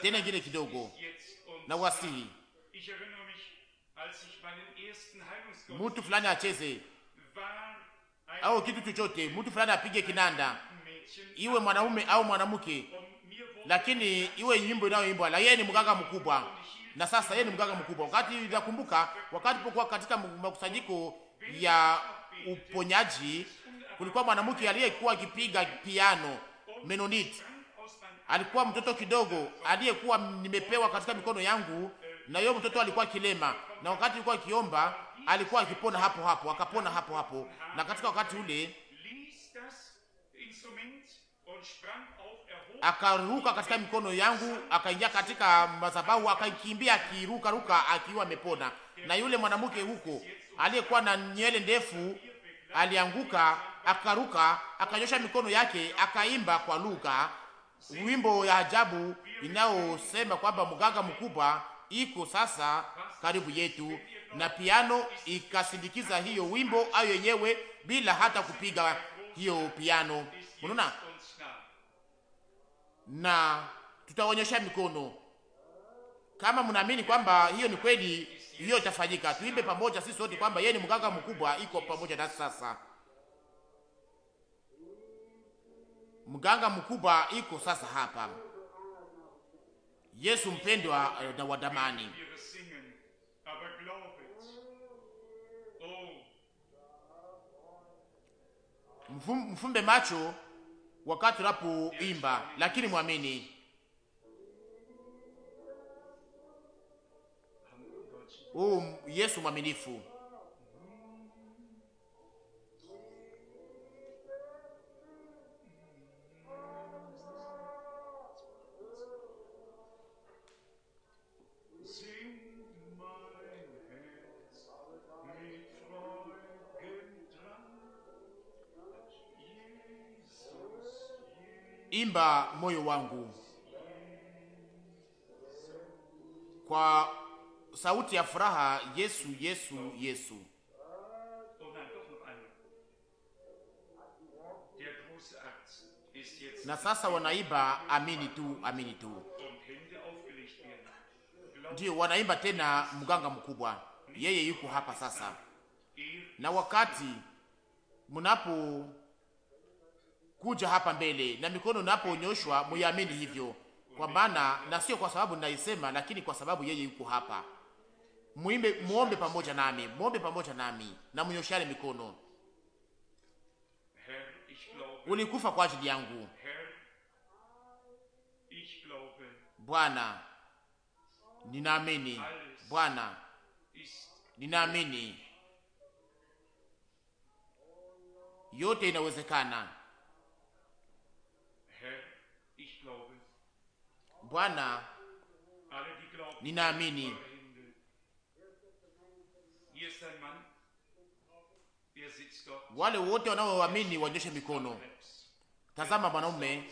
Tena ingine kidogo na uwasihi. Mtu fulani acheze au kitu chochote, mtu fulani apige kinanda, iwe mwanaume au mwanamke, lakini iwe nyimbo inayoimbwa la yeye. Ni mganga mkubwa, na sasa yeye ni mganga mkubwa. Wakati nakumbuka, wakati pokuwa katika makusanyiko ya uponyaji, kulikuwa mwanamke aliyekuwa akipiga piano menonite alikuwa mtoto kidogo aliyekuwa nimepewa katika mikono yangu, na yeye mtoto alikuwa kilema, na wakati alikuwa akiomba alikuwa akipona hapo hapo, akapona hapo hapo, na katika wakati ule akaruka katika mikono yangu, akaingia katika madhabahu, akakimbia akiruka ruka akiwa amepona. Na yule mwanamke huko aliyekuwa na nywele ndefu alianguka, akaruka, akanyosha mikono yake, akaimba kwa lugha wimbo ya ajabu inayosema kwamba mganga mkubwa iko sasa karibu yetu, na piano ikasindikiza hiyo wimbo ayo yenyewe bila hata kupiga hiyo piano. Unaona, na tutaonyesha mikono kama mnaamini kwamba hiyo ni kweli, hiyo itafanyika. Tuimbe pamoja sisi sote kwamba yeye ni mganga mkubwa, iko pamoja nasi sasa. mganga mkubwa iko sasa hapa, Yesu mpendwa eh, na wadamani. Oh. Mfumbe macho wakati unapoimba, lakini mwamini. Oh, Yesu mwaminifu. imba moyo wangu kwa sauti ya furaha, Yesu, Yesu, Yesu. Na sasa wanaimba amini tu, amini tu, ndio wanaimba tena. Mganga mkubwa yeye yuko hapa sasa, na wakati mnapo kuja hapa mbele, na mikono napoonyoshwa muyamini hivyo, kwa maana na sio kwa sababu naisema lakini kwa sababu yeye yuko hapa. Muimbe, muombe pamoja nami, muombe pamoja nami na mnyoshane mikono. Ulikufa kwa ajili yangu Bwana, ninaamini Bwana, ninaamini yote inawezekana Bwana, ninaamini wale wote wanaoamini wanyoshe mikono. Tazama mwanaume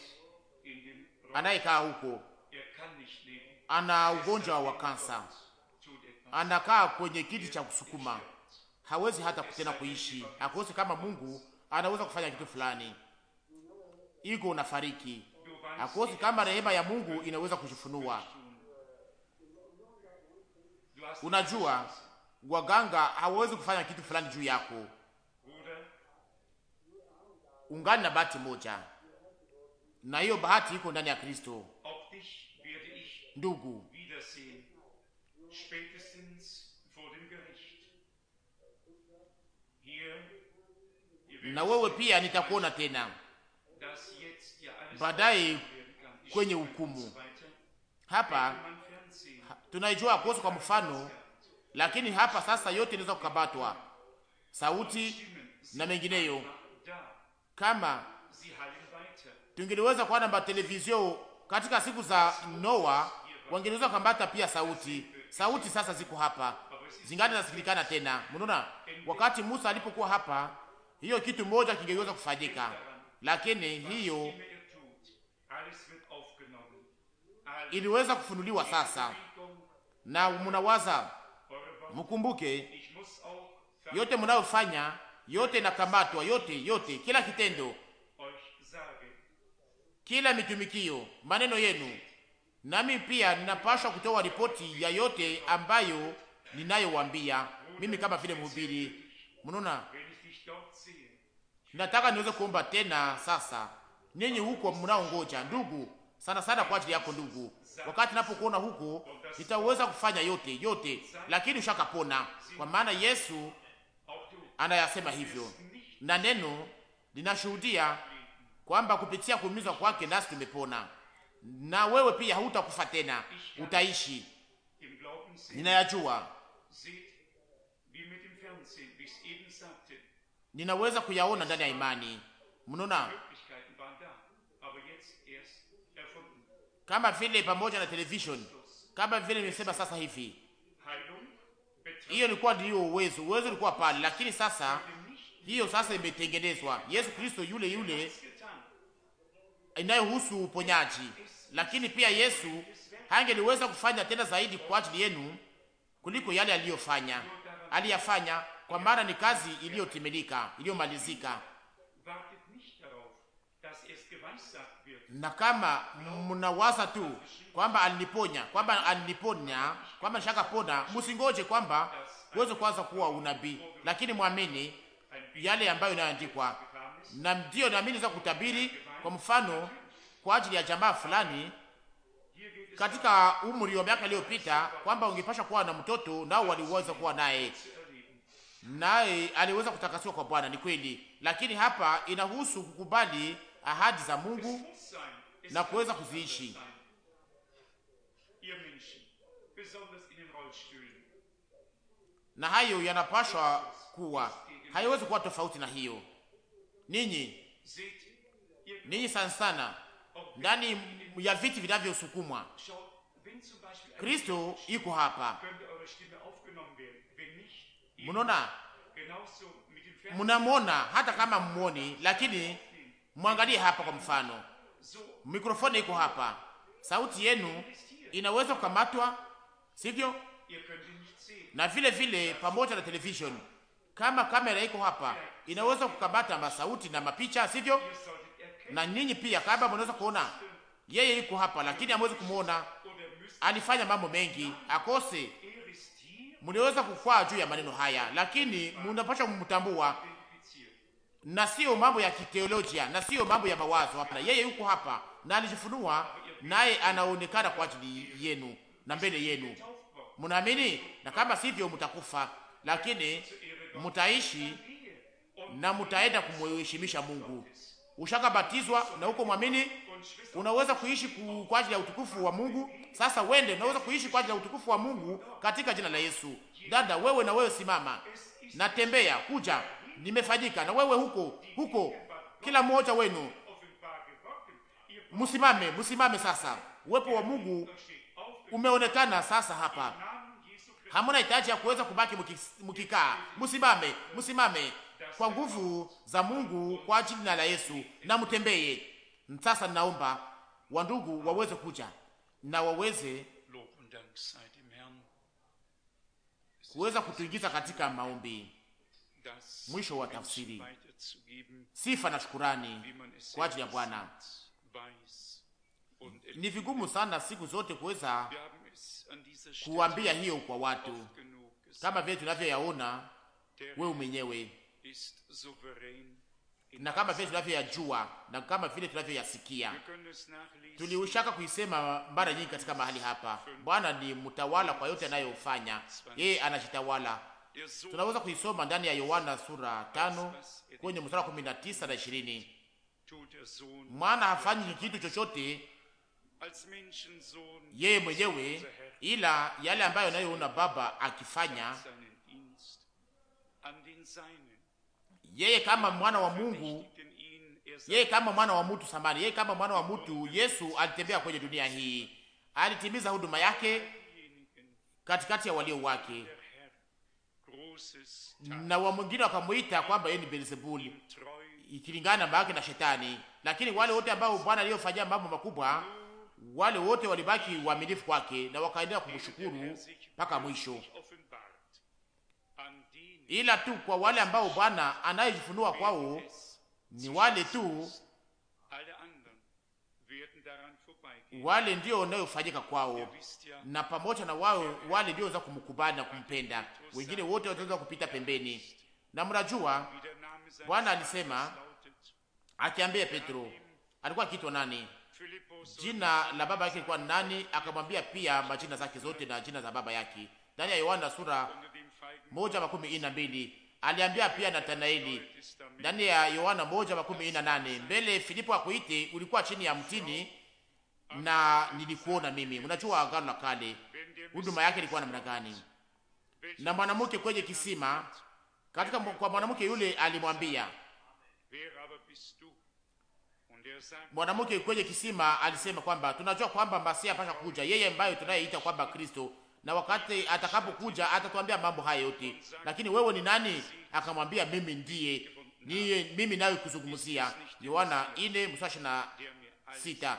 anayekaa huko, ana ugonjwa wa kansa, anakaa kwenye kiti cha kusukuma, hawezi hata kutena kuishi, akose kama Mungu anaweza kufanya kitu fulani, iko unafariki hakosi kama rehema ya Mungu inaweza kujifunua. Unajua, waganga hawawezi kufanya kitu fulani juu yako, ungani na bahati moja, na hiyo bahati iko ndani ya Kristo. Ndugu, na wewe pia nitakuona tena baadaye kwenye hukumu. Hapa tunaijua kuhusu kwa mfano, lakini hapa sasa yote inaweza kukabatwa, sauti na mengineyo. Kama tungeliweza kuwa na televizio katika siku za Noa, wangeliweza kukambata pia sauti. Sauti sasa ziko hapa, zingani zinasikilikana tena. Mnaona, wakati Musa alipokuwa hapa, hiyo kitu moja kingeweza kufanyika, lakini hiyo iliweza kufunuliwa sasa, na munawaza, mkumbuke yote mnayofanya, yote inakamatwa, yote yote, kila kitendo, kila mitumikio, maneno yenu. Nami pia ninapashwa kutoa ripoti ya yote ambayo ninayowambia mimi kama vile mhubiri. Mnaona, nataka niweze kuomba tena sasa, ninyi huko mnaongoja ndugu sana sana kwa ajili yako ndugu. Wakati napokuona huko, nitaweza kufanya yote yote, lakini ushakapona, kwa maana Yesu anayasema hivyo, na neno linashuhudia kwamba kupitia kuumizwa kwake nasi tumepona, na wewe pia hutakufa tena, utaishi. Ninayajua, ninaweza kuyaona ndani ya imani. Mnaona kama vile pamoja na television, kama vile nimesema sasa hivi. Hiyo ilikuwa ndiyo uwezo, uwezo ulikuwa pale, lakini sasa hiyo sasa imetengenezwa. Yesu Kristo yule yule inayohusu uponyaji, lakini pia Yesu hangeliweza kufanya tena zaidi kwa ajili yenu kuliko yale aliyofanya, aliyafanya kwa maana ni kazi iliyotimilika, iliyomalizika na kama mnawaza tu kwamba aliniponya, kwamba aliniponya, kwamba nishaka pona, msingoje kwamba uweze kwanza kuwa unabii, lakini mwamini yale ambayo inayoandikwa. Na ndio naamini za kutabiri, kwa mfano kwa ajili ya jamaa fulani katika umri wa miaka iliyopita, kwamba ungepasha kuwa na mtoto, nao waliweza kuwa naye naye aliweza kutakasiwa kwa Bwana. Ni kweli, lakini hapa inahusu kukubali ahadi za Mungu na kuweza kuziishi. Na hayo yanapashwa kuwa, haiwezi kuwa tofauti na hiyo. Ninyi ninyi sana sana ndani ya viti vinavyosukumwa, Kristo iko hapa. Mnaona, mnamwona hata kama mmwoni, lakini Mwangalie hapa kwa mfano, mikrofoni iko hapa, sauti yenu inaweza kukamatwa, sivyo? Na vile vile pamoja na television, kama kamera iko hapa, inaweza kukamata masauti na mapicha, sivyo? Na nyinyi pia, kama mnaweza kuona yeye iko hapa, lakini hamwezi kumuona, alifanya mambo mengi akose. Mliweza kukwaa juu ya maneno haya, lakini mnapaswa kumtambua na sio mambo ya kiteolojia na siyo mambo ya mawazo. Hapana, yeye yuko hapa na alijifunua, naye anaonekana kwa ajili yenu na mbele yenu. Mnaamini? Na kama sivyo, mtakufa, lakini mtaishi na mtaenda kumheshimisha Mungu. Ushakabatizwa na uko mwamini, unaweza kuishi kwa ajili ya utukufu wa Mungu. Sasa wende, unaweza kuishi kwa ajili ya utukufu wa Mungu katika jina la Yesu. Dada wewe, na wewe simama, natembea kuja nimefanyika na wewe huko huko, kila mmoja wenu musimame musimame sasa. Uwepo wa Mungu umeonekana sasa hapa, hamuna hitaji ya kuweza kubaki mkikaa. musimame musimame kwa nguvu za Mungu kwa ajili la Yesu, na mtembeye sasa. Naomba wandugu waweze kuja na waweze kuweza kutuingiza katika maombi. Mwisho wa tafsiri. Sifa na shukurani kwa ajili ya Bwana. Ni vigumu sana siku zote kuweza kuambia hiyo kwa watu, kama vile tunavyoyaona wewe mwenyewe na kama vile tunavyoyajua na kama vile tunavyoyasikia. Tuliushaka kuisema mara nyingi katika mahali hapa, Bwana ni mtawala kwa yote anayofanya, yeye anajitawala tunaweza kuisoma ndani ya Yohana sura tano kwenye mstari kumi na tisa na ishirini mwana hafanyi kitu chochote yeye mwenyewe, ila yale ambayo anayoona baba akifanya yeye kama mwana wa Mungu, yeye kama mwana wa mtu samani, yeye kama mwana wa mtu. Yesu alitembea kwenye dunia hii, alitimiza huduma yake katikati ya walio wake, na wa mwingine wakamwita kwamba yeye ni Beelzebuli ikilingana baki na shetani. Lakini wale wote ambao Bwana aliyofanyia mambo makubwa, wale wote walibaki waaminifu kwake na wakaendelea kumshukuru mpaka mwisho, ila tu kwa wale ambao Bwana anayejifunua kwao ni wale tu wale ndio wanayofanyika kwao, na pamoja na wao wale ndio waweza kumkubali na kumpenda. Wengine wote wataweza kupita pembeni. Na mnajua Bwana alisema akiambia Petro, alikuwa akiitwa nani? Jina la baba yake lilikuwa nani? Akamwambia pia majina zake zote na jina za baba yake. Ndani ya Yohana sura moja makumi ine na mbili aliambia pia Nathanaeli ndani ya Yohana moja makumi ine na nane mbele Filipo akuite, ulikuwa chini ya mtini na nilikuona mimi. Unajua agano la kale huduma yake ilikuwa namna gani? Na mwanamke kwenye kisima, katika kwa mwanamke yule alimwambia mwanamke kwenye kisima alisema kwamba tunajua kwamba Masia apasha kuja, yeye ambaye tunayeita kwamba Kristo, na wakati atakapokuja atatuambia mambo haya yote, lakini wewe ni nani? Akamwambia, mimi ndiye niye, mimi nawe kuzungumzia. Yohana 4:26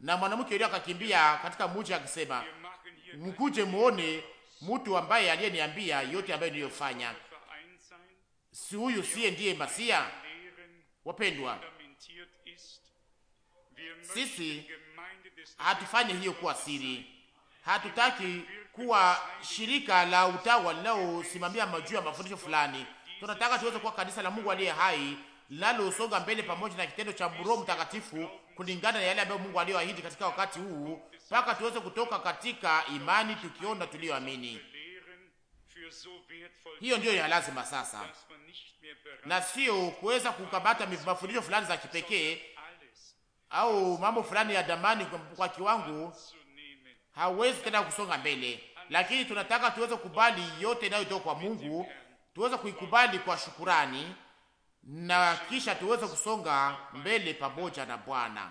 na mwanamke yule akakimbia katika mji akisema, mkuje muone mtu ambaye aliyeniambia yote ambayo niliyofanya. Si huyu siye ndiye Masia? Wapendwa, sisi hatufanye hiyo kuwa siri. Hatutaki kuwa shirika la utawa linalosimamia majuu ya mafundisho fulani. Tunataka tuweze kuwa kanisa la Mungu aliye hai linalosonga mbele pamoja na kitendo cha Roho Mtakatifu kulingana na yale ambayo Mungu aliyoahidi katika wakati huu, mpaka tuweze kutoka katika imani tukiona tuliyoamini. Hiyo ndiyo ya lazima sasa, na sio kuweza kukamata mafundisho fulani za kipekee au mambo fulani ya damani kwa kiwango, hawezi tena kusonga mbele, lakini tunataka tuweze kubali yote inayotoka kwa Mungu, tuweze kuikubali kwa shukurani na kisha tuweze kusonga mbele pamoja na Bwana.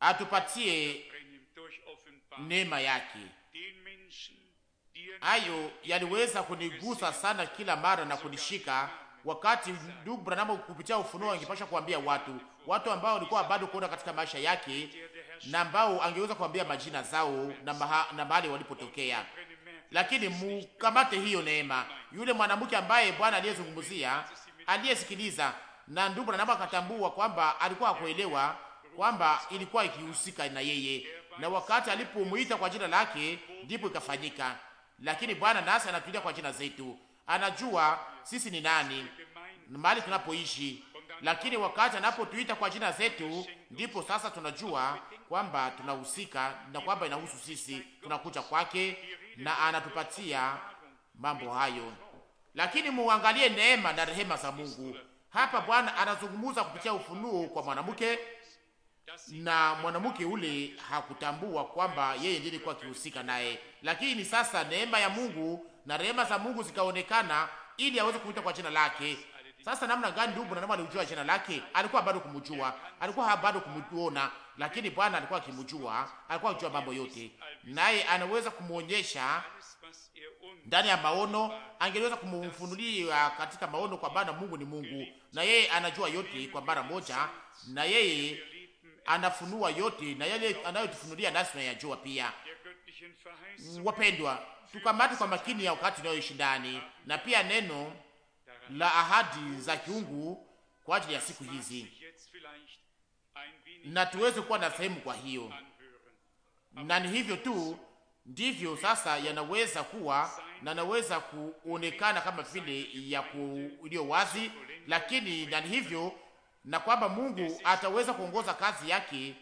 Atupatie neema yake. Hayo yaliweza kunigusa sana kila mara na kunishika wakati ndugu Branham kupitia ufunuo angepasha kuambia watu, watu ambao walikuwa bado kuona katika maisha yake na ambao angeweza kuambia majina zao na, maha, na mahali walipotokea lakini mukamate hiyo neema. Yule mwanamke ambaye Bwana aliyezungumzia aliyesikiliza, na ndugu Branham akatambua kwamba alikuwa akuelewa kwamba ilikuwa ikihusika na yeye, na wakati alipomwita kwa jina lake ndipo ikafanyika. Lakini Bwana nasi anatuita kwa jina zetu, anajua sisi ni nani, mahali tunapoishi lakini wakati anapotuita kwa jina zetu, ndipo sasa tunajua kwamba tunahusika na kwamba inahusu sisi. Tunakuja kwake na anatupatia mambo hayo, lakini muangalie neema na rehema za Mungu. Hapa Bwana anazungumza kupitia ufunuo kwa mwanamke, na mwanamke ule hakutambua kwamba yeye ndiye alikuwa akihusika naye, lakini sasa neema ya Mungu na rehema za Mungu zikaonekana ili aweze kuita kwa jina lake sasa namna gani ndugu na namna alijua jina lake? Alikuwa bado kumjua, alikuwa bado kumuona, lakini Bwana alikuwa akimjua, alikuwa akijua mambo yote, naye anaweza kumuonyesha ndani ya maono, angeweza kumfunulia katika maono, kwa maana Mungu ni Mungu na yeye anajua yote kwa mara moja, na yeye anafunua yote, na yale anayotufunulia nasi tunayajua pia. Wapendwa, tukamate kwa makini ya wakati unayoishi ndani na pia neno la ahadi za kiungu kwa ajili ya siku hizi, na tuweze kuwa na sehemu kwa hiyo. Na ni hivyo tu ndivyo sasa yanaweza kuwa na naweza kuonekana kama vile ya iliyo wazi, lakini na ni hivyo na kwamba Mungu ataweza kuongoza kazi yake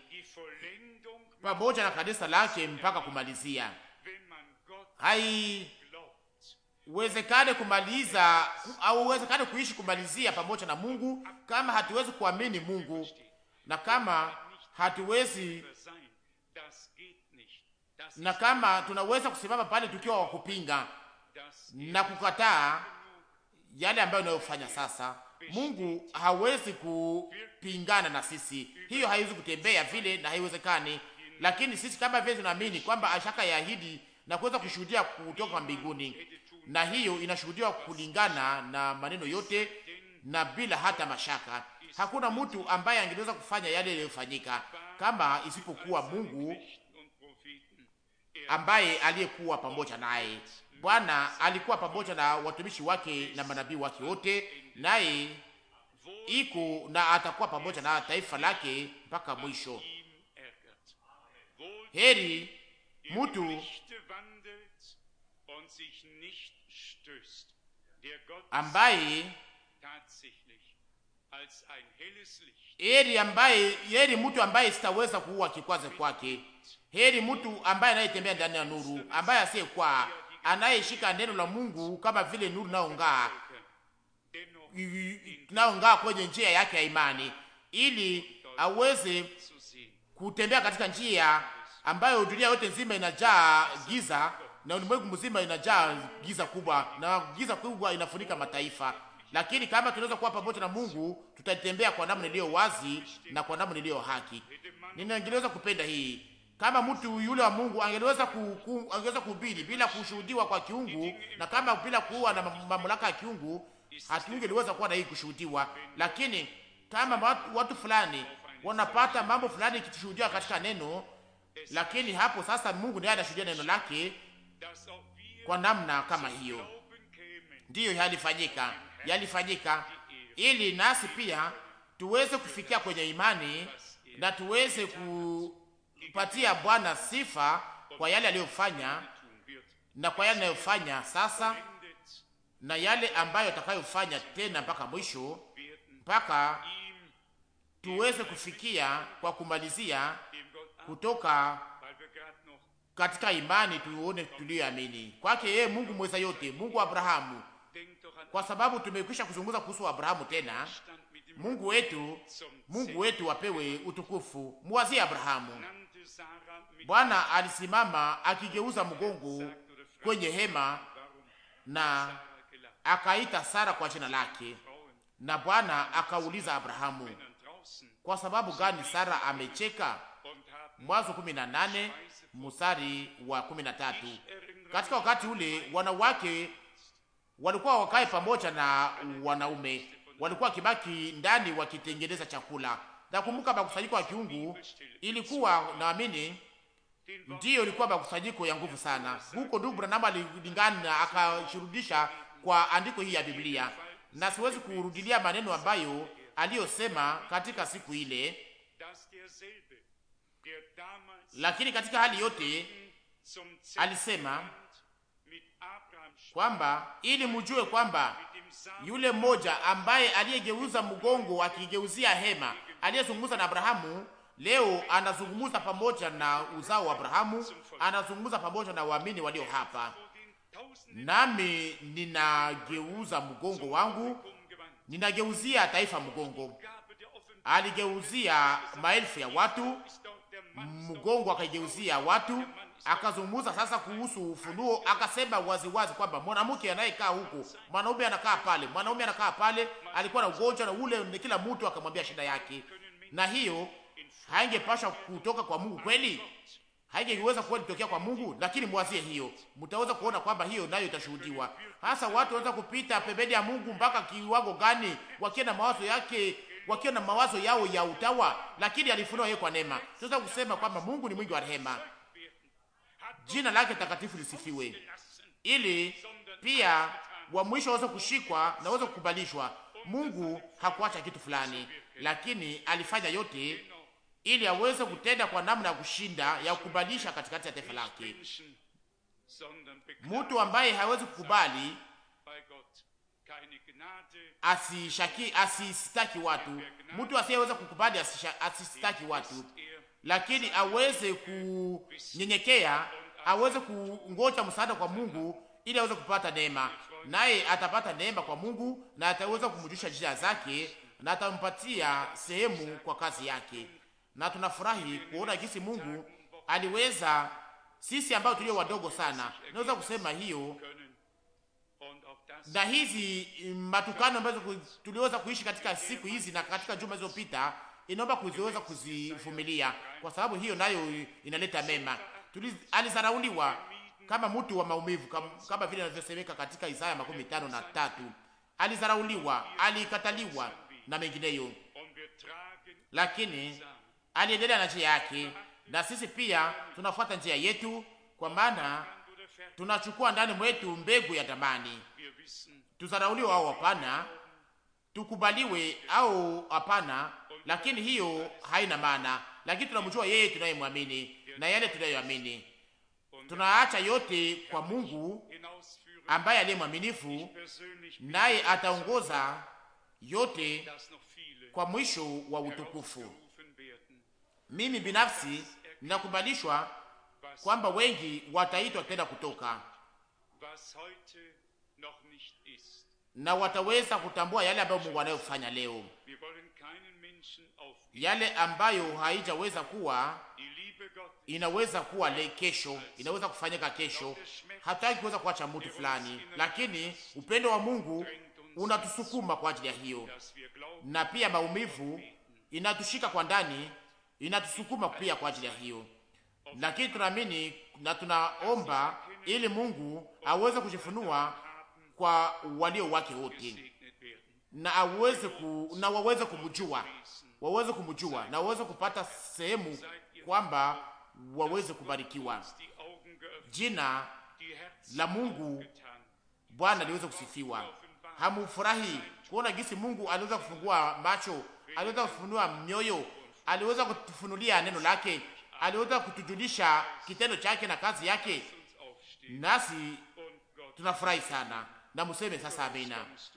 pamoja na kanisa lake mpaka kumalizia hai uwezekane kumaliza au uwezekane kuishi kumalizia pamoja na Mungu kama hatuwezi kuamini Mungu na kama hatuwezi na kama tunaweza kusimama pale tukiwa wa kupinga na kukataa yale ambayo inayofanya sasa. Mungu hawezi kupingana na sisi, hiyo haiwezi kutembea vile na haiwezekani. Lakini sisi kama vile tunaamini kwamba ashaka yaahidi na kuweza kushuhudia kutoka mbinguni na hiyo inashuhudiwa kulingana na maneno yote na bila hata mashaka. Hakuna mtu ambaye angeweza kufanya yale yaliyofanyika kama isipokuwa Mungu ambaye aliyekuwa pamoja naye. Bwana alikuwa pamoja na watumishi wake na manabii wake wote, naye iko na atakuwa pamoja na taifa lake mpaka mwisho. Heri mtu ambaye heri ambaye heri mtu ambaye sitaweza kuua kikwazo kwake. Heri mtu ambaye anayetembea ndani ya nuru, ambaye asiyekwa, anayeshika neno la Mungu kama vile nuru naong'aa naong'aa kwenye njia yake ya imani, ili aweze kutembea katika njia ambayo dunia yote nzima inajaa giza na ulimwengu mzima inajaa giza kubwa, na giza kubwa inafunika mataifa. Lakini kama tunaweza kuwa pamoja na Mungu, tutatembea kwa namna iliyo wazi na kwa namna iliyo haki. Ningeweza kupenda hii kama mtu yule wa Mungu angeweza ku, ku, angeweza kuhubiri bila kushuhudiwa kwa kiungu, na kama bila kuwa na mamlaka ya kiungu hatungeliweza kuwa na hii kushuhudiwa. Lakini kama watu, watu fulani wanapata mambo fulani ikitushuhudiwa katika neno, lakini hapo sasa Mungu ndiye anashuhudia neno lake kwa namna kama hiyo. Ndiyo yalifanyika, yalifanyika ili nasi pia tuweze kufikia kwenye imani na tuweze kupatia Bwana sifa kwa yale aliyofanya na kwa yale anayofanya sasa na yale ambayo atakayofanya tena mpaka mwisho, mpaka tuweze kufikia kwa kumalizia kutoka katika imani tuone tuliyoamini kwake yeye, Mungu mweza yote, Mungu Abrahamu, kwa sababu tumekwisha kuzungumza kuhusu Abrahamu tena. Mungu wetu, Mungu wetu wapewe utukufu. Muwazie Abrahamu. Bwana alisimama akigeuza mgongo kwenye hema na akaita Sara kwa jina lake, na Bwana akauliza Abrahamu, kwa sababu gani Sara amecheka? Mwanzo 18 mstari wa kumi na tatu. Katika wakati ule wanawake walikuwa wakae pamoja na wanaume, walikuwa wakibaki ndani wakitengeneza chakula. Nakumbuka makusanyiko ya kiungu ilikuwa, naamini ndiyo ilikuwa makusanyiko ya nguvu sana. Huko ndugu Branham alilingana akashurudisha kwa andiko hii ya Biblia, na siwezi kurudilia maneno ambayo aliyosema katika siku ile lakini katika hali yote alisema kwamba ili mujue kwamba yule mmoja ambaye aliyegeuza mgongo akigeuzia hema, aliyezungumza na Abrahamu, leo anazungumza pamoja na uzao wa Abrahamu, anazungumza pamoja na waamini walio hapa. Nami ninageuza mgongo wangu, ninageuzia taifa mgongo. Aligeuzia maelfu ya watu mgongo akaigeuzia watu, akazungumza sasa kuhusu ufunuo. Akasema waziwazi kwamba mwanamke anayekaa huko, mwanaume anakaa pale, mwanaume anakaa pale, alikuwa na ugonjwa na ule, ni kila mtu akamwambia shida yake, na hiyo haingepashwa kutoka kwa Mungu kweli, haingeweza kuwa litokea kwa Mungu. Lakini mwazie hiyo, mtaweza kuona kwamba hiyo nayo itashuhudiwa. Hasa watu wanaweza kupita pembeni ya Mungu mpaka kiwango gani, wakiwa na mawazo yake wakiwa na mawazo yao ya utawa, lakini alifunua yeye kwa neema. Tunaweza kusema kwamba Mungu ni mwingi wa rehema, jina lake takatifu lisifiwe, ili pia wa mwisho waweze kushikwa na waweze kukubalishwa. Mungu hakuacha kitu fulani, lakini alifanya yote ili aweze kutenda kwa namna ya kushinda ya kukubalisha katikati ya taifa lake. Mtu ambaye hawezi kukubali asishaki asistaki watu, mtu asiyeweza kukubali asistaki watu, lakini aweze kunyenyekea, aweze kungoja msaada kwa Mungu ili aweze kupata neema, naye atapata neema kwa Mungu na ataweza kumjulisha njia zake na atampatia sehemu kwa kazi yake. Na tunafurahi kuona jinsi Mungu aliweza, sisi ambao tulio wadogo sana, naweza kusema hiyo na hizi mm, matukano ambazo tuliweza kuishi katika siku hizi na katika juma zilizopita, inaomba kuziweza kuzivumilia, kwa sababu hiyo nayo inaleta mema. Alizarauliwa kama mtu wa maumivu, kama, kama vile inavyosemeka katika Isaya makumi tano na tatu. Alizarauliwa, alikataliwa na mengineyo, lakini aliendelea na njia yake, na sisi pia tunafuata njia yetu, kwa maana tunachukua ndani mwetu mbegu ya damani tuzarauliwa au hapana, tukubaliwe au hapana, lakini hiyo haina maana, lakini tunamjua yeye tunayemwamini na yale tunayoamini. Tunaacha yote kwa Mungu ambaye aliye mwaminifu, naye ataongoza yote kwa mwisho wa utukufu. Mimi binafsi ninakubalishwa kwamba wengi wataitwa tena kutoka na wataweza kutambua yale ambayo Mungu anayofanya leo, yale ambayo haijaweza kuwa inaweza kuwa le kesho, inaweza kufanyika kesho. Hataki kuweza kuacha mtu fulani, lakini upendo wa Mungu unatusukuma kwa ajili ya hiyo, na pia maumivu inatushika kwa ndani, inatusukuma pia kwa ajili ya hiyo, lakini tunaamini na tunaomba ili Mungu aweze kujifunua kwa walio wake wote, na aweze ku, na waweze kumjua, waweze kumjua na waweze kupata sehemu kwamba waweze kubarikiwa. Jina la Mungu Bwana liweze kusifiwa. Hamufurahi kuona jinsi Mungu aliweza kufungua macho, aliweza kufunua mioyo, aliweza kutufunulia neno lake, aliweza kutujulisha kitendo chake na kazi yake, nasi tunafurahi sana na museme sasa amina.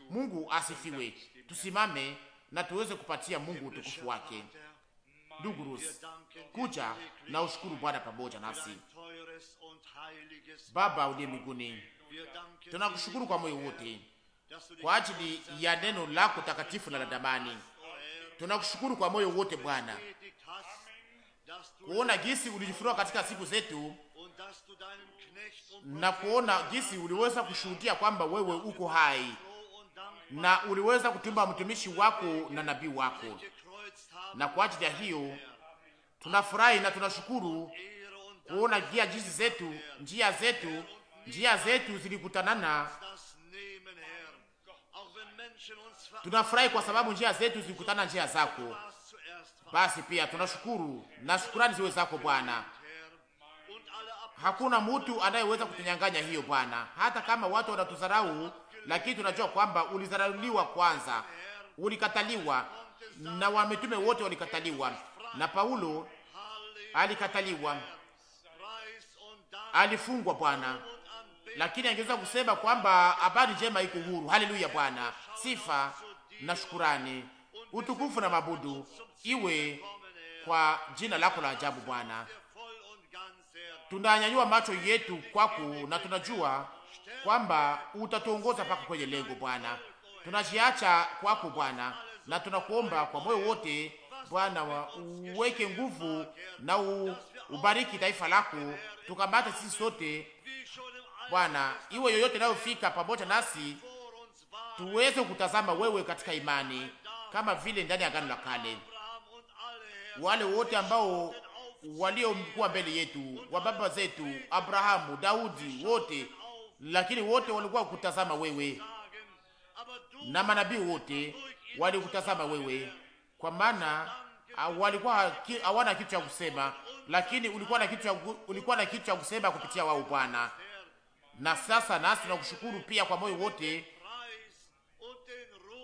Mungu asifiwe. Tusimame na tuweze kupatia Mungu utukufu wake. Ndugu kuja na ushukuru Bwana pamoja nasi. Baba uliye mbinguni, tunakushukuru kwa moyo wote kwa ajili ya neno lako takatifu na la damani. Tunakushukuru kwa moyo wote Bwana kuona gisi ulijifunua katika siku zetu na kuona jinsi uliweza kushuhudia kwamba wewe uko hai na uliweza kutumba mtumishi wako na nabii wako, na kwa ajili ya hiyo tunafurahi na tunashukuru kuona njia jinsi zetu njia zetu njia zetu zilikutanana. Tunafurahi kwa sababu njia zetu zilikutana njia zako. Basi pia tunashukuru na shukurani ziwe zako Bwana. Hakuna mtu anayeweza kutunyang'anya hiyo Bwana, hata kama watu wanatudharau, lakini tunajua kwamba ulidharauliwa kwanza, ulikataliwa na wametume wote walikataliwa, na Paulo alikataliwa, alifungwa Bwana, lakini angeweza kusema kwamba habari njema iko huru. Haleluya! Bwana sifa na shukurani, utukufu na mabudu iwe kwa jina lako la ajabu Bwana tunanyanyua macho yetu kwako, na tunajua kwamba utatuongoza mpaka kwenye lengo Bwana. Tunajiacha kwako Bwana, na tunakuomba kwa moyo wote Bwana, uweke nguvu na u, ubariki taifa lako, tukamate sisi sote Bwana, iwe yoyote inayofika pamoja nasi, tuweze kutazama wewe katika imani, kama vile ndani ya Agano la Kale wale wote ambao waliokuwa mbele yetu, wa baba zetu Abrahamu, Daudi, wote lakini wote walikuwa kutazama wewe, na manabii wote walikutazama wewe, kwa maana walikuwa hawana kitu cha kusema, lakini ulikuwa na kitu cha ulikuwa na kitu cha kusema kupitia wao Bwana. Na sasa nasi tunakushukuru pia kwa moyo wote,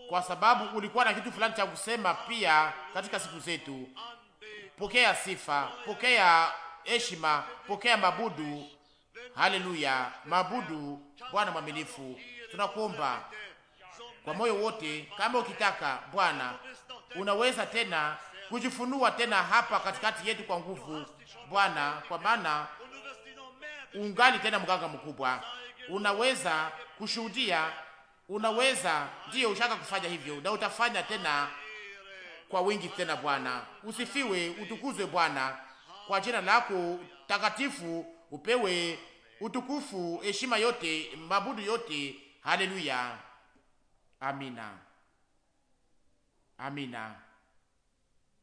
kwa sababu ulikuwa na kitu fulani cha kusema pia katika siku zetu, pokea sifa, pokea heshima, pokea mabudu. Haleluya, mabudu Bwana mwaminifu. Tunakuomba kwa moyo wote, kama ukitaka Bwana, unaweza tena kujifunua tena hapa katikati yetu kwa nguvu Bwana, kwa maana ungali tena mganga mkubwa, unaweza kushuhudia, unaweza ndiyo ushaka kufanya hivyo, na utafanya tena kwa wingi tena. Bwana usifiwe, utukuzwe Bwana, kwa jina lako takatifu upewe utukufu, heshima yote, mabudu yote. Haleluya, amina, amina.